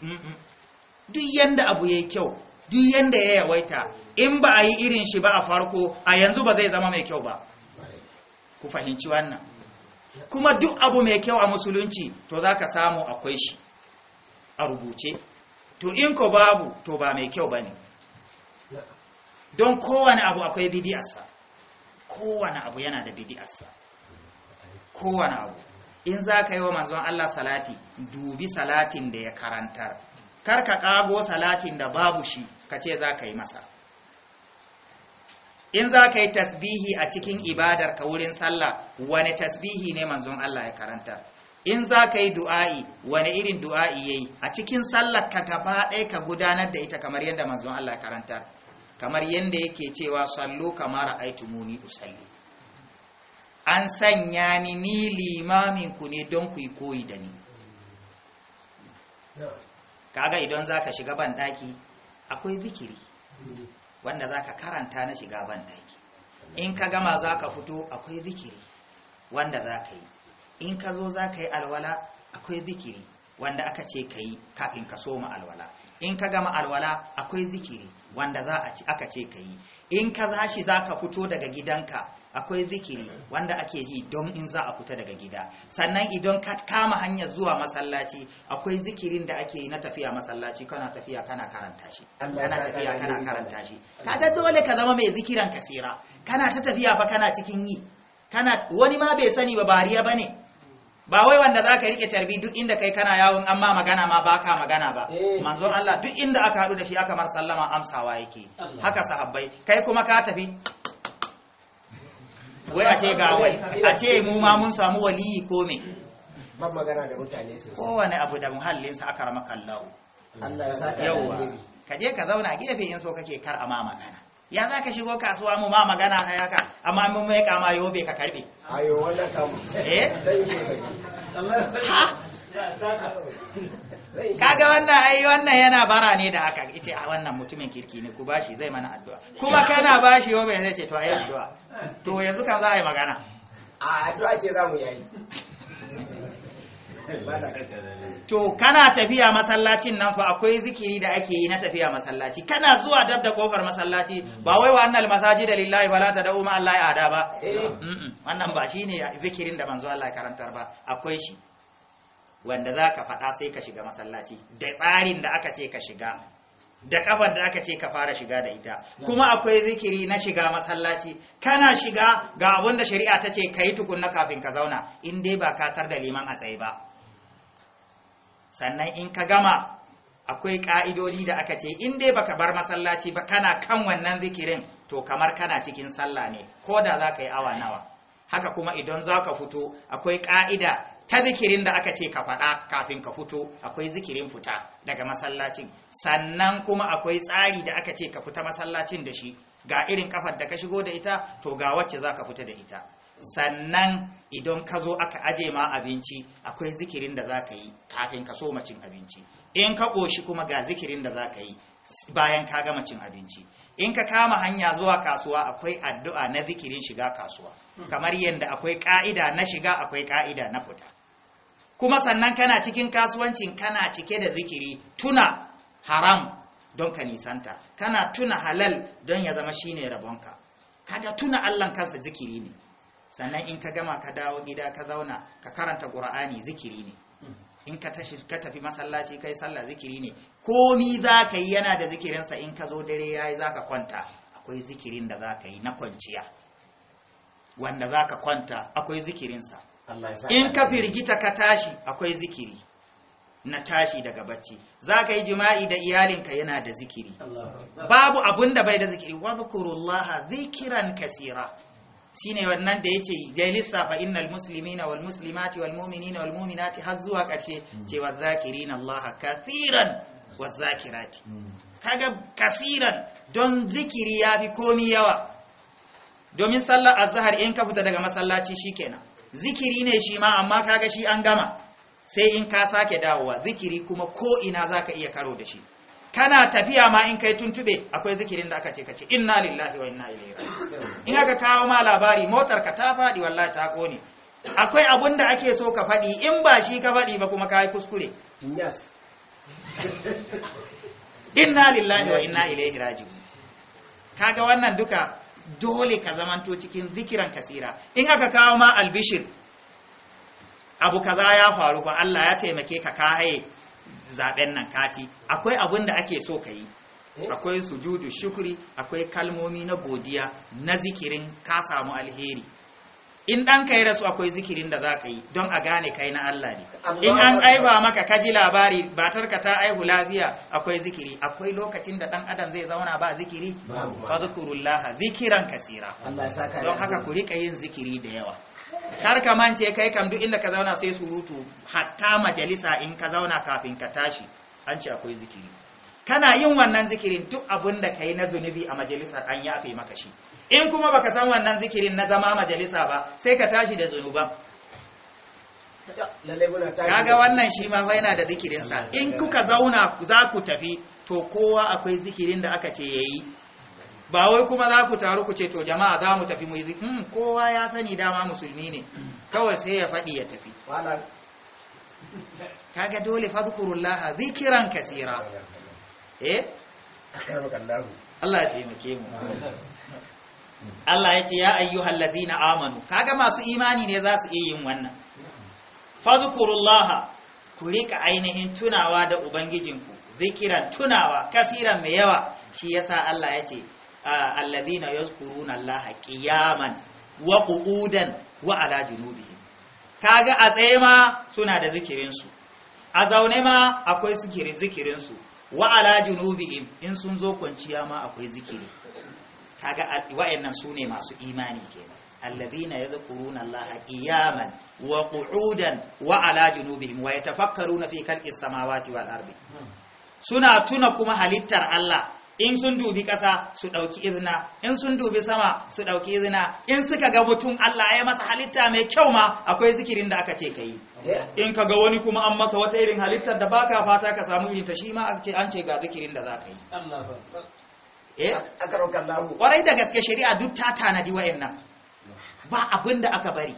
[SPEAKER 2] duk yanda abu yayi kyau duk yanda ya yawaita in ba a yi irin shi ba a farko a yanzu ba zai zama mai kyau ba ku fahimci wannan kuma duk abu mai kyau a musulunci to zaka samu akwai shi a rubuce to in ko babu to ba mai kyau bane don kowane abu akwai bidiyarsa kowane abu yana da bidiyarsa kowane abu in za ka yi wa manzon Allah salati dubi salatin da ya karantar kar ka kago salatin da babu shi ka ce za ka yi masa in za ka yi tasbihi a cikin ibadar ka wurin sallah wani tasbihi ne manzon Allah ya karantar in za ka yi du'a'i wani irin du'a'i yayi a cikin sallah ka gaba ɗaya ka gudanar da ita kamar yadda manzon Allah ya karantar kamar yadda yake cewa sallu kamar aitumuni usalli an sanya ni ni limamin ku ne don ku yi koyi da ni kaga idan zaka shiga ban daki akwai zikiri wanda zaka karanta na shiga ban daki
[SPEAKER 3] in ka gama
[SPEAKER 2] zaka fito akwai zikiri wanda zaka yi in ka zo zaka yi alwala akwai zikiri wanda aka ce ka yi kafin ka soma alwala in ka gama alwala akwai zikiri wanda za a aka ce ka yi in ka zashi za ka fito daga gidanka akwai zikiri wanda ake yi don in za a fita daga gida sannan idan ka kama hanyar zuwa masallaci akwai zikirin da ake yi na tafiya masallaci kana tafiya kana karanta shi kana tafiya kana karanta shi kaga dole ka zama mai zikiran kasira kana ta tafiya fa kana cikin yi kana wani ma bai sani ba bariya bane ba wai wanda zaka rike tarbi duk inda kai kana yawon amma magana ma baka magana ba eh. manzon Allah duk inda aka hadu da shi aka mar sallama amsawa yake haka sahabbai kai kuma ka tafi wai a ce ga wai a ce mu ma mun samu waliyi ko me ban magana da mutane sosai kowane abu da muhallin sa aka rama kallahu Allah ya saka yawa ka je ka zauna gefe in so kake kar amma magana ya za ka shigo kasuwa mu ma magana a yaka amma mun mai kama yo be ka karbe ayo wannan kamu eh ha kaga wannan ai wannan yana bara ne da haka ita a wannan mutumin kirki ne ku bashi zai mana addu'a kuma kana bashi yau bai zai ce to ayi addu'a to yanzu kan za a yi magana a addu'a ce za mu yayi to kana tafiya masallacin nan fa akwai zikiri da ake yi na tafiya masallaci kana zuwa dab da kofar masallaci ba wai wa annal da lillahi fala da'u ma allahi ada ba eh. wannan ba shine zikirin da manzo Allah ya karantar ba akwai shi wanda za ka faɗa sai ka shiga masallaci da tsarin da aka ce ka shiga da ƙafar da aka ce ka fara shiga da ita kuma akwai zikiri na shiga masallaci kana shiga ga abin da shari'a ta ce ka yi tukunna kafin ka zauna in dai ba ka tar da liman a tsaye ba sannan in ka gama akwai ka'idodi da aka ce in dai baka bar masallaci ba kana kan wannan zikirin to kamar kana cikin sallah ne ko da za ka yi awa nawa haka kuma idan za ka fito akwai ƙa'ida ta zikirin da aka ce ka faɗa kafin ka fito akwai zikirin fita daga masallacin sannan kuma akwai tsari da aka ce ka fita masallacin da shi ga irin kafar da ka shigo da ita to ga wacce za ka fita da ita sannan idan ka zo aka aje ma abinci akwai zikirin da za ka yi kafin ka so macin abinci in ka ƙoshi kuma ga zikirin da za ka yi bayan ka gama cin abinci in ka kama hanya zuwa kasuwa akwai addu'a na zikirin shiga kasuwa kamar yadda akwai ka'ida na shiga akwai ka'ida na fita kuma sannan kana cikin kasuwancin kana cike da zikiri tuna haram don ka nisanta kana tuna halal don ya zama shine rabonka kaga tuna Allah kansa zikiri ne sannan in ka gama ka dawo gida ka zauna ka karanta qur'ani zikiri ne in ka tashi ka tafi masallaci kai sallah zikiri ne komi zaka yi yana da zikirinsa in ka zo dare yayi zaka kwanta akwai zikirin da zaka yi na kwanciya wanda zaka kwanta akwai zikirinsa in ka firgita ka tashi akwai zikiri na tashi daga bacci za ka yi jima'i da iyalinka yana da zikiri babu abun da bai da zikiri wa zikiran kasira shine wannan da ya ce, ya lissafa innal na wal muslimati wal na wal mu'minati har zuwa karshe hmm. cewa na Allah kafiran wa zakirati hmm. kaga kasiran don zikiri ya fi komi yawa domin sallar zahar in ka fita daga masallaci shikenan zikiri ne shi ma amma kaga shi an gama sai in ka sake dawowa zikiri kuma ko ina zaka iya karo da shi kana tafiya ma in kai tuntube akwai zikirin da aka ce kace inna lillahi wa inna ilaihi raji'un in aka kawo ma labari motar ka ta fadi wallahi ta kone akwai abun da ake so ka fadi in ba shi ka fadi ba kuma kai kuskure yes inna lillahi wa inna ilaihi raji'un kaga wannan duka dole ka zamanto cikin zikiran kasira in aka kawo ma albishir abu kaza ya faru ba Allah ya taimake ka ka haye zaben nan kati akwai abun da ake so ka yi akwai sujudu shukri akwai kalmomi na godiya na zikirin ka samu alheri in ɗanka ya rasu akwai zikirin da za ka yi don a gane kai na Allah ne in an aiba maka ka ji labari batarka ta aihu lafiya akwai zikiri akwai lokacin da ɗan adam zai zauna ba zikiri fa zikrullah zikiran kasira don haka ku rika yin zikiri da yawa kar ka mance kai kam duk inda ka zauna sai surutu hatta majalisa in ka zauna kafin ka tashi an ce akwai zikiri kana yin wannan zikirin duk abin da kai na zunubi a majalisar an yafe maka shi in kuma baka san wannan zikirin na zama majalisa ba sai ka tashi da zunuban kaga wannan shi ma yana da zikirinsa in kuka zauna za ku tafi to kowa akwai zikirin da aka ce yayi ba wai kuma za ku taru ku ce to jama'a za mu tafi mu yi hmm, kowa ya sani dama musulmi ne kawai sai ya faɗi ya tafi kaga dole fadhkurullaha zikiran kasira eh Allah ya taimake mu Allah ya ce ya ayyuhal ladzina amanu kaga masu imani ne za su iya yin wannan fadhkurullaha ku rika ainihin tunawa da ubangijinku zikiran tunawa kasiran mai yawa shi yasa Allah ya ce alladhina yazkuruna Allaha qiyaman wa qu'udan wa ala junubihim kaga a tsaye ma suna da zikirinsu, su a zaune ma akwai zikirin zikirin su wa ala junubihim in sun zo kwanciya ma akwai zikiri kaga wa'annan su ne masu imani kenan alladhina yadhkuruna allaha qiyaman wa qu'udan wa ala junubihim wa yatafakkaruna fi khalqis samawati wal ardi suna tuna kuma halittar Allah in sun dubi ƙasa su ɗauki izina in sun dubi sama su ɗauki izina in suka ga mutum Allah ya masa halitta mai kyau ma akwai zikirin da aka ce ka yi in ka ga wani kuma an masa wata irin halittar da baka fata ka samu irin ta shi ma an ce ga zikirin da za ka yi eh kwarai da gaske shari'a duk ta tanadi wa'annan ba abin aka bari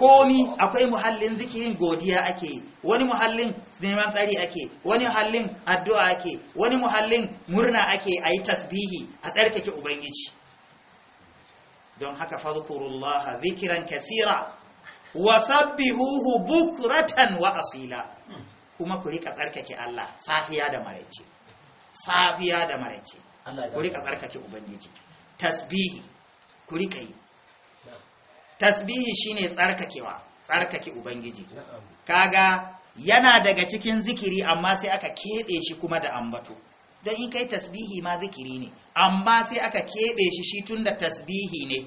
[SPEAKER 2] komi akwai muhallin zikirin godiya ake wani muhallin neman tsari ake wani muhallin addu'a ake wani muhallin murna ake ayi tasbihi a tsarkake ubangiji don haka fadkurullah zikiran kasira wa sabbihuhu bukratan wa asila kuma ku rika tsarkake Allah safiya da maraice safiya da maraice ku rika tsarkake ubangiji tasbihi ku rika yi tasbihi shine tsarkakewa tsarkake ubangiji kaga yana daga cikin zikiri amma sai aka keɓe shi kuma da ambato don in kai tasbihi ma zikiri ne amma sai aka keɓe shi shi tun da tasbihi ne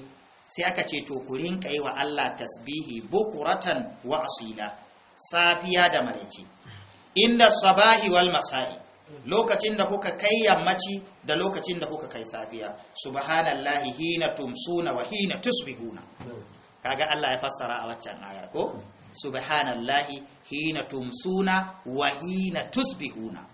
[SPEAKER 2] sai aka ce to ku rinka yi wa Allah tasbihi bukuratan wa asila safiya da maraice inda sabahi wal masa'i lokacin da kuka kai yammaci da lokacin da kuka kai safiya subhanallahi hina tumsuna wa hina tusbihuna kaga Allah ya fassara a waccan ayar ko subhanallahi hina tumsuna wa hina tusbihuna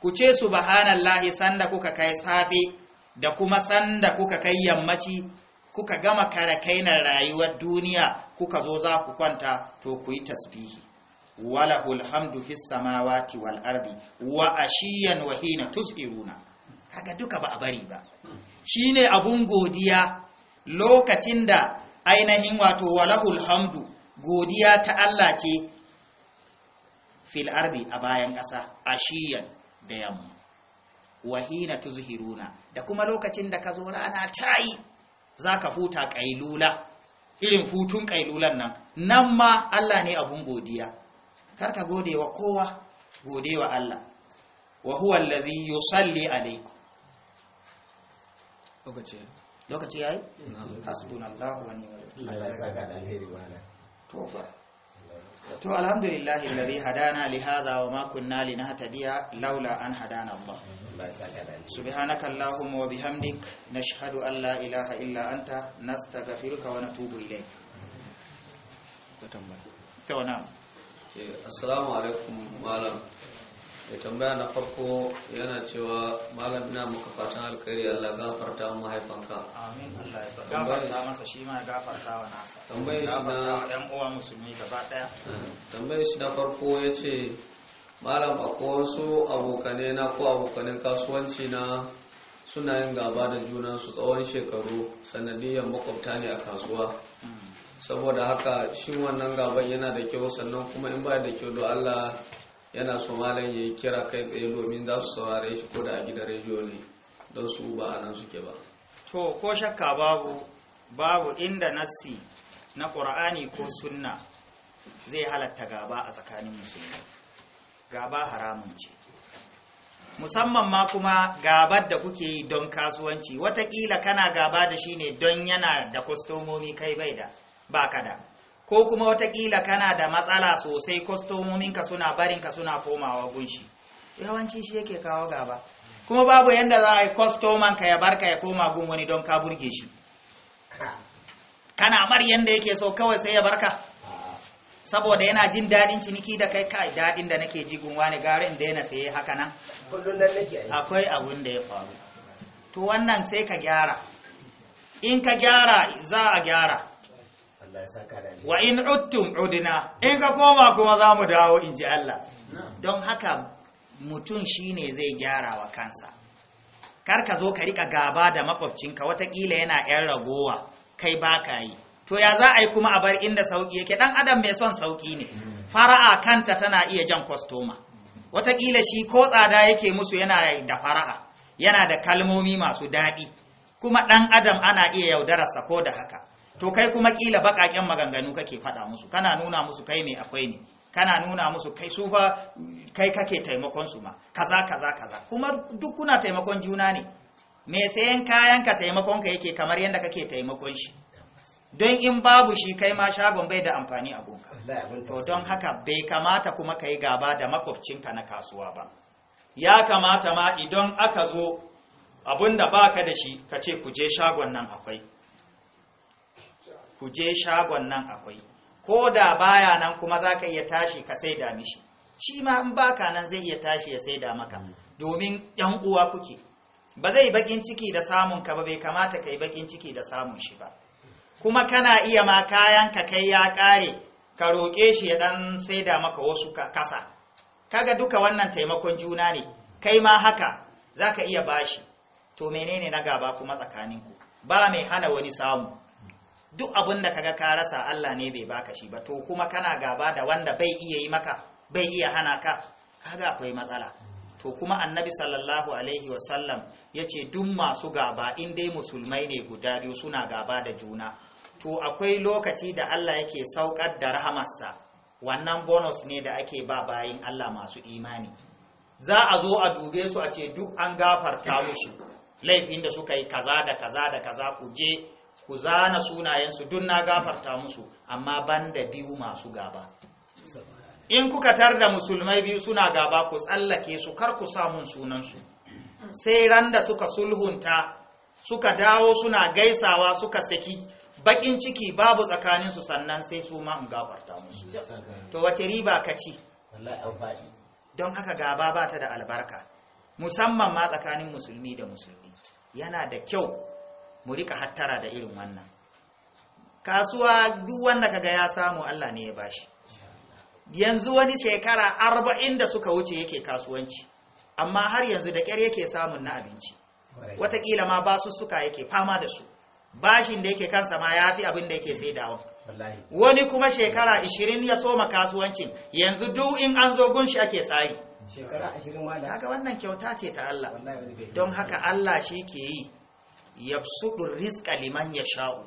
[SPEAKER 2] ku ce subhanallahi sanda kuka kai safi da kuma sanda kuka kai yammaci kuka gama kare kainar rayuwar duniya kuka zo za ku kwanta to ku yi tasbihi wala ulhamdu fis samawati wal ardi wa ashiyan wa hina kaga duka ba a bari ba shine abun godiya lokacin da ainihin wato walahul hamdu godiya ta Allah ce fil ardi a bayan ƙasa ashiyan da yamma wahina tuzhiruna da kuma lokacin da ka zo rana tayi zaka huta kailula irin futun kailulan nan nan ma Allah ne abun godiya kar ka gode wa kowa gode wa Allah wa huwa allazi yusalli alaikum lokaci lokaci yayi hasbunallahu wa ni'mal wakeel Allah ya saka da alheri wala to to alhamdulillah alladhi hadana li hadha wa ma kunna linahtadiya laula an hadana Allah سبحانك اللهم وبحمدك illa أن لا إله إلا أنت نستغفرك ونتوب إليك.
[SPEAKER 4] تمام. Eh, assalamu alaikum malam ya tambaya na farko yana cewa malam ina muka fatan alkhairi Allah gafarta mu mahaifanka amin Allah ya gafarta
[SPEAKER 2] masa shi ma gafarta wa nasa shi na ɗan uwa musulmi gaba daya eh,
[SPEAKER 4] tambaye shi na farko yace malam akwai wasu abokane na ko abokanin kasuwanci na suna yin gaba da juna su tsawon shekaru sanadiyar makwabta ne a kasuwa hmm. saboda haka shi wannan gaban yana da kyau sannan kuma in ba da kyau don Allah yana so malam ya yi kira kai tsaye domin za su saurare shi ko da a gidan rediyo ne don su ba a nan suke ba
[SPEAKER 2] to ko shakka babu babu inda Nasi na ƙur'ani ko sunna zai halatta gaba a tsakanin musulmi gaba haramun ce musamman ma kuma gabar da kuke yi don kasuwanci watakila kana gaba da shi ne don yana da kwastomomi kai bai da ba ka da ko kuma watakila kana da matsala sosai ka suna barin ka suna komawa gunshi yawanci shi yake kawo gaba kuma babu yadda za a yi ka ya barka ya koma gun wani don ka burge shi kana mar yanda yake so kawai sai ya barka saboda yana jin daɗin ciniki da kai kai daɗin da nake ji jigun ne, gari in daina saye haka nan akwai abun da ya faru to wannan sai ka gyara in ka gyara za a gyara wa in uttum udina in ka koma kuma za mu dawo in ji Allah don haka mutum shi ne zai gyara wa kansa kar ka zo ka rika gaba da makwabcinka watakila yana yan ragowa kai ba ka yi to ya za a yi kuma a bar inda sauki yake Ɗan adam mai son sauki ne mm. fara'a kanta tana iya jan kwastoma watakila shi ko tsada yake musu yana da fara'a yana da kalmomi masu daɗi kuma ɗan adam ana iya yaudararsa ko da haka to kai kuma kila bakaken maganganu kake faɗa musu kana nuna musu kai me akwai ne kana nuna musu kai su fa kai kake taimakon su ma kaza kaza kaza kuma duk kuna taimakon juna ne me sayan kayan ka taimakon ka yake kamar yadda kake taimakon shi don in babu shi kai ma shagon bai da amfani a gunka to don haka bai kamata kuma kai gaba da makwabcinka na kasuwa ba ya kamata ma idan aka zo abinda baka da shi kace kuje ku je shagon nan akwai ku je shagon nan akwai ko da baya nan kuma za ka iya tashi ka sai da mishi shi ma in baka nan zai iya tashi ya sai da maka domin yan uwa kuke ba zai bakin ciki da samun ka ba bai kamata kai bakin ciki da samun shi ba kuma kana iya ma kayan ka kai ya kare ka roƙe shi ya dan da maka wasu ka kasa kaga duka wannan taimakon juna ne kai ma haka zaka iya bashi to menene na gaba kuma tsakaninku ba mai hana wani samu duk abin da kaga ka rasa Allah ne bai baka shi ba to kuma kana gaba da wanda bai iya yi maka bai iya hana ka kaga akwai matsala to kuma annabi sallallahu alaihi wasallam ya ce duk masu gaba in dai musulmai ne guda biyu suna gaba da juna to akwai lokaci da Allah yake saukar da rahamarsa wannan bonus ne da ake ba bayin Allah masu imani za a zo a dube su a ce duk an gafarta musu laifin da suka yi kaza da kaza da kaza ku je ku zana sunayensu duk na gafarta musu amma banda biyu masu gaba in kuka tar da musulmai biyu suna gaba ku tsallake su kar ku samun sunansu sai ran da suka sulhunta suka dawo suna gaisawa suka saki bakin ciki babu tsakaninsu sannan sai su ma gafarta musu to wace riba ka ci don haka gaba ba ta da albarka musamman ma tsakanin musulmi da musulmi yana da kyau mu rika hattara da irin wannan kasuwa duk wanda kaga ya samu Allah ne ya bashi yanzu wani shekara arba'in da suka wuce yake kasuwanci amma har yanzu da ƙyar yake samun na abinci watakila ma basu suka yake fama da su bashin da yake kansa ma ya fi abin da yake sai dawon wani kuma shekara 20 ya soma kasuwancin yanzu duk in an zo gunshi ake tsari shekara 20 haka wannan kyauta ce ta Allah don haka Allah shi ke yi yabsudur rizqa liman yasha'u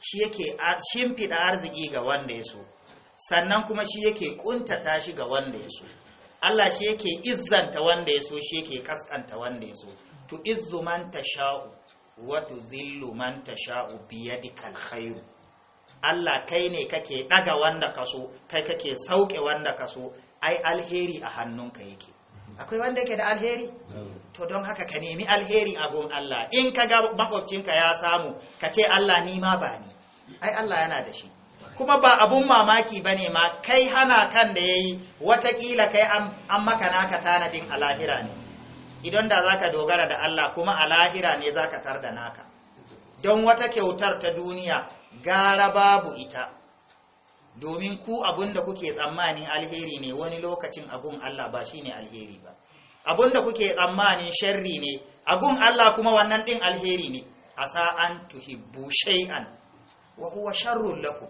[SPEAKER 2] shi yake shimfida arziki ga wanda yaso sannan kuma shi yake kuntata shi ga wanda yaso Allah shi yake izzanta wanda yaso shi yake kaskanta wanda yaso tu izzu man tasha'u wa tuzillu man tasha'u yadikal khair Allah kai ne kake daga wanda kaso kai kake sauke wanda kaso ai alheri a hannunka yake akwai wanda yake da alheri to don haka ka nemi alheri abun Allah in ka ga makwabcinka ya samu ka ce Allah ni ma ba ni ai Allah yana da shi kuma ba abun mamaki ba ne ma kai hana kan da ya yi watakila kai an maka naka tanadin a lahira ne idan da za ka dogara da Allah kuma a lahira ne za ka tar da naka don wata kyautar ta duniya gara babu ita domin ku abun kuke tsammanin alheri ne wani lokacin abun Allah ba shi ne alheri ba abun kuke tsammanin sharri ne abun Allah kuma wannan din alheri ne asa an tuhibbu shay'an wa huwa sharrun lakum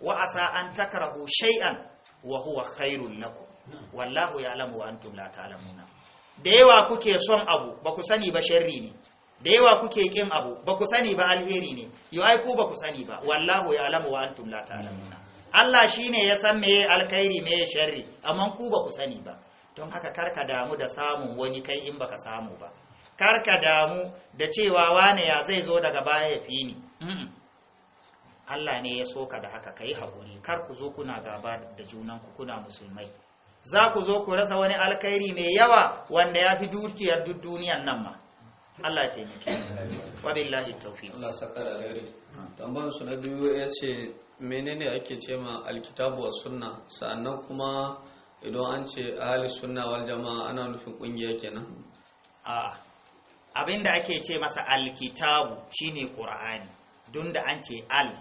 [SPEAKER 2] wa asa an takrahu shay'an wa huwa khairun lakum wallahu ya'lamu wa antum la ta'lamuna da yawa kuke son abu ba ku sani ba sharri ne da yawa kuke kin abu ba ku sani ba alheri ne yau ai ba ku sani ba wallahu ya'lamu wa antum la ta'lamuna Allah shi ne ya san me alkhairi me sharri amma ku ba ku sani ba don haka karka damu da samun wani kai in baka samu ba karka damu da cewa wane ya zai zo daga baya ya fi ni Allah ne ya soka da haka kai hakuri kar ku zo kuna gaba da junanku kuna musulmai za ku zo ku rasa wani alkhairi mai yawa wanda ya fi dukiyar duk duniyan nan ma Allah ya taimake wa billahi tawfiq Allah sakara alheri tambayar su na biyu ya ce
[SPEAKER 4] menene ake ce ma alkitabu wa sunna sannan kuma idan an ce
[SPEAKER 2] ahli sunna wal jama'a ana nufin kungiya kenan a abinda ake ce masa alkitabu shine qur'ani don da an ce al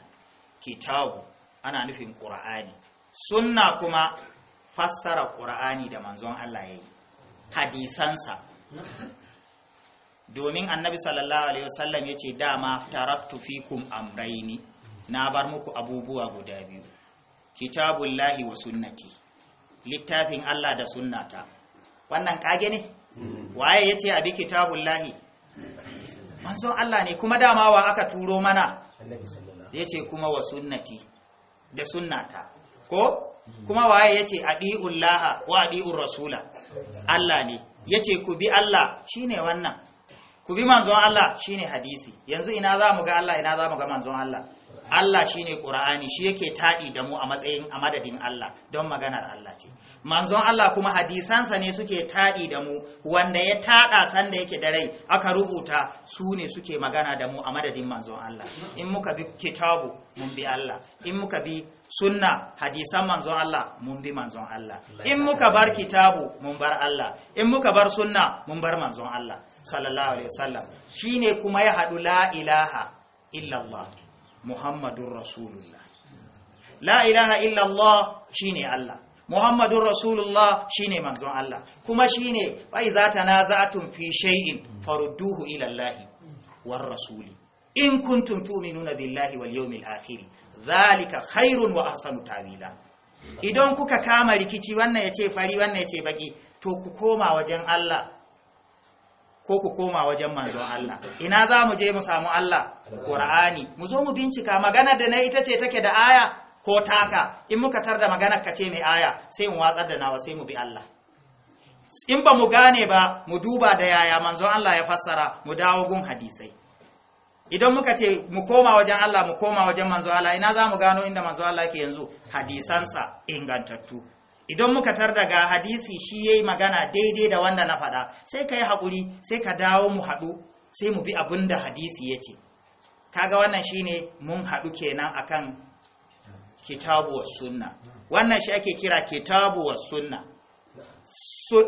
[SPEAKER 2] kitabu ana nufin qur'ani sunna kuma fassara qur'ani da manzon Allah yayi hadisansa domin annabi sallallahu alaihi wasallam yace dama taraktu fikum amraini na bar muku abubuwa guda biyu Kitabun Lahi wa sunnati littafin Allah da sunnata wannan kage ne hmm. waye ya ce abi Lahi? manzon Allah ne kuma dama wa aka turo mana Ya ce kuma wa sunnati da sunnata ko hmm. kuma waye yace adiullaha wa adiur rasula Allah ne Ya ce ku bi Allah shine wannan ku bi manzon Allah shine hadisi yanzu ina za mu ga Allah ina za mu ga manzon Allah Allah shine Qur'ani shi yake taɗi da mu a matsayin a madadin Allah don maganar Allah ce manzon Allah kuma hadisansa ne suke taɗi da mu wanda ya taɗa sanda yake da rai aka rubuta su ne suke magana da mu a madadin manzon Allah in muka bi kitabu mun bi Allah in muka bi sunna hadisan manzon Allah mun bi manzon Allah in muka bar kitabu mun bar Allah in muka bar sunna mun bar manzon Allah sallallahu alaihi wasallam shine kuma ya haɗu la ilaha illallah muhammadun rasulullah la ilaha illallah shine Allah muhammadun rasulullah shine manzon Allah kuma shine fa iza tanaza'tum fi shay'in farudduhu ila Allah war rasuli in kuntum tu'minuna billahi wal yawmil akhir zalika khairun wa ahsanu tawila idan kuka kama rikici wannan yace fari wannan yace baki to ku koma wajen Allah ko ku koma wajen manzo Allah ina za mu je mu samu Allah Qur'ani mu zo mu bincika maganar da na ita ce take da aya ko taka in muka tar da magana ka ce mai aya sai mu watsar da nawa sai mu bi Allah in ba mu gane ba mu duba da yaya manzon Allah ya fassara mu dawo gun hadisai idan muka ce mu koma wajen Allah mu koma wajen manzo Allah ina za mu gano inda manzo Allah yake yanzu hadisansa ingantattu idan muka tar daga hadisi shi yayi magana daidai da wanda na faɗa sai ka yi haƙuri sai ka dawo mu haɗu sai mu bi abin hadisi ya ce kaga wannan shine mun haɗu kenan akan kitabu sunna wannan shi ake kira kitabu sunna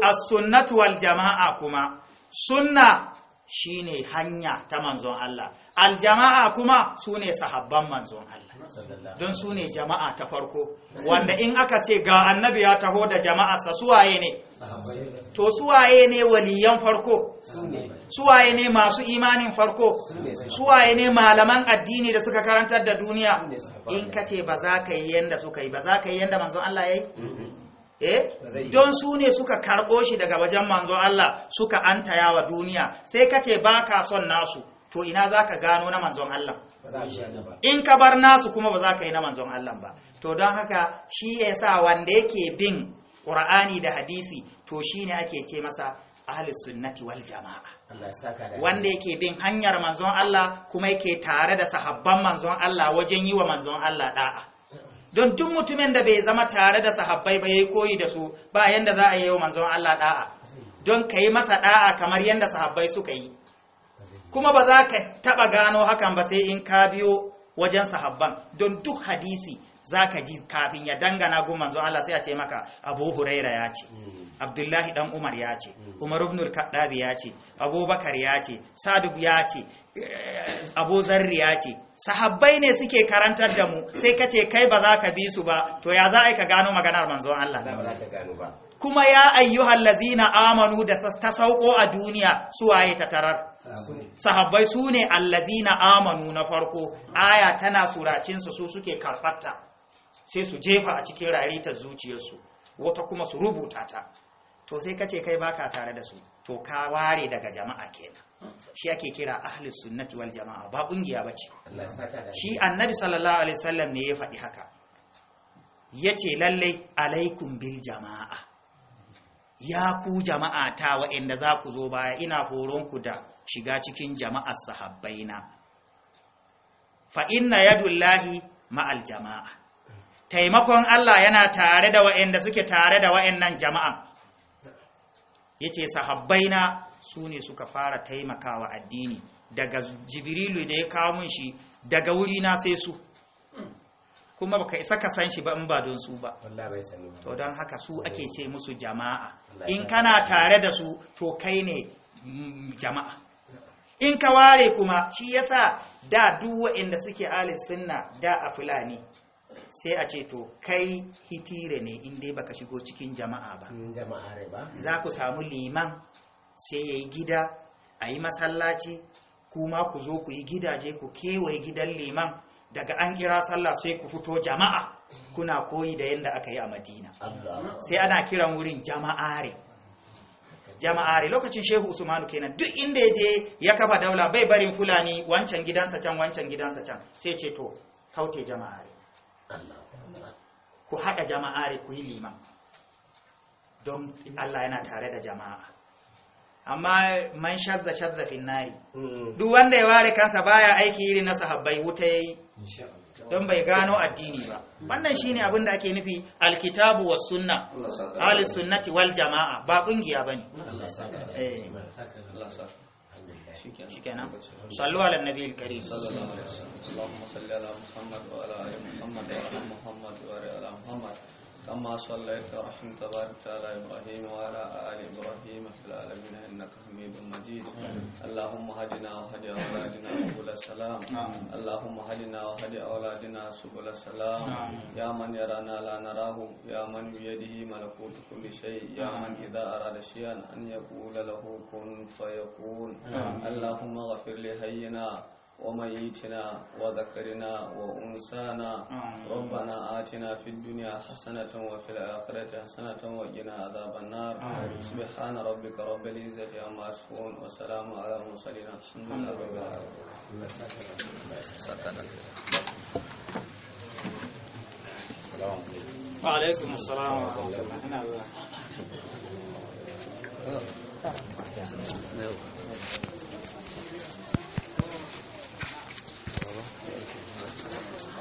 [SPEAKER 2] as-sunnatu wal jama'a kuma sunna shine hanya ta manzon Allah Aljama'a jama'a kuma sune sahabban manzon Allah don su ne jama'a ta farko wanda in aka ce ga annabi ya taho da jama'arsa suwaye ne to suwaye ne waliyan farko suwaye ne masu imanin farko suwaye ne malaman addini da suka karantar da duniya in ka ce ba za ka yi yanda suka yi ba za ka yi yanda manzon Allah ya yi eh don su ne suka karɓo shi daga wajen manzon Allah suka antaya wa duniya sai ka ce ba ka son nasu to ina za ka gano na manzon Allah in ka bar nasu kuma ba za ka yi na manzon Allah ba to don haka shi ya sa wanda yake bin ƙur'ani da hadisi to shi ne ake ce masa ahalus sunnati wal jama'a wanda yake bin hanyar manzon Allah kuma yake tare da sahabban manzon Allah wajen yi wa manzon Allah da'a don duk mutumin da bai zama tare da sahabbai ba yayi koyi da su ba yanda za a yi wa manzon Allah da'a don ka yi masa da'a kamar yanda sahabbai suka yi kuma ba za ka taɓa gano hakan ba sai in ka biyo wajen sahabban don duk hadisi za ka ji kafin ya dangana gun manzon Allah sai a ce maka abu huraira ya ce mm. abdullahi dan umar ya ce mm. umar ibn al ya ce abubakar ya ce Sadu ya ce eh, abu zarri ya ce sahabbai ne suke karantar da mu sai ka ce kai ba za ka bi su ba to ya za a yi ka gano maganar manzon Allah ba za ka gano ba kuma ya ayyuhal lazina amanu da ta sauko a duniya su waye ta tarar sahabbai su ne allazina amanu na farko aya tana suracinsu su suke karfatta sai su jefa a cikin ta zuciyarsu wata kuma su rubuta ta to sai ka ce kai baka tare da su to ka ware daga jama'a kenan shi ake kira ahli sunnati wal jama'a ba kungiya bace shi annabi sallallahu alaihi wasallam ne ya faɗi haka Ya ce lallai alaikum bil jama'a ya ku jama'a ta wa'inda za ku zo baya ina horon ku da shiga cikin jama'ar sahabbaina fa inna yadullahi ma'al jama'a taimakon Allah yana tare da wa'inda suke tare da wa'innan jama'a yace su ne suka fara taimakawa addini daga jibrilu da ya kawo mun shi daga wurina sai su kuma baka isa ka san shi ba in ba don su ba to don haka su ake ce musu jama'a in kana tare da su to kai ne jama'a in ka ware kuma shi yasa da duwa inda suke alis sunna da a fulani sai a ce to kai hitire ne in dai baka shigo cikin jama'a ba za ku samu liman sai ya yi gida ayi masallaci kuma ku zo ku yi gidaje ku kewaye gidan liman daga an kira sallah sai ku fito jama'a kuna koyi da yadda aka yi a madina sai ana kiran wurin jama'are jama'are lokacin shehu usmanu kenan duk inda ya je ya kafa daula bai barin fulani wancan gidansa can wancan gidansa can sai ce to kaute jama'are ku haɗa jama'are ku yi liman don allah yana tare da jama'a amma man shazza shazza finnari mm. duk wanda ya ware kansa baya aiki irin na sahabbai wuta yayi don bai gano addini ba wannan shine abin da ake nufi alkitabu wa sunna ahli sunnati wal jamaa ba kungiya bane eh shikenan sallu ala nabiyil karim sallallahu alaihi
[SPEAKER 4] wasallam allahumma salli ala muhammad wa ala ali muhammad wa ala muhammad wa ala muhammad كما صليت ورحمت بارك على ابراهيم وعلى ال ابراهيم في العالمين انك حميد مجيد اللهم هدنا وهدي اولادنا سبل السلام اللهم هدنا وهدي اولادنا سبل السلام يا من يرانا لا نراه يا من بيده ملكوت كل شيء يا من اذا اراد شيئا ان يقول له كن فيكون اللهم اغفر لهينا وميتنا وذكرنا وأنسانا ربنا آتنا في الدنيا حسنة وفي الآخرة حسنة وقنا عذاب النار سبحان ربك رب العزة عما يصفون وسلام على المرسلين الحمد لله رب العالمين
[SPEAKER 2] وعليكم السلام ورحمة الله
[SPEAKER 3] Thank you.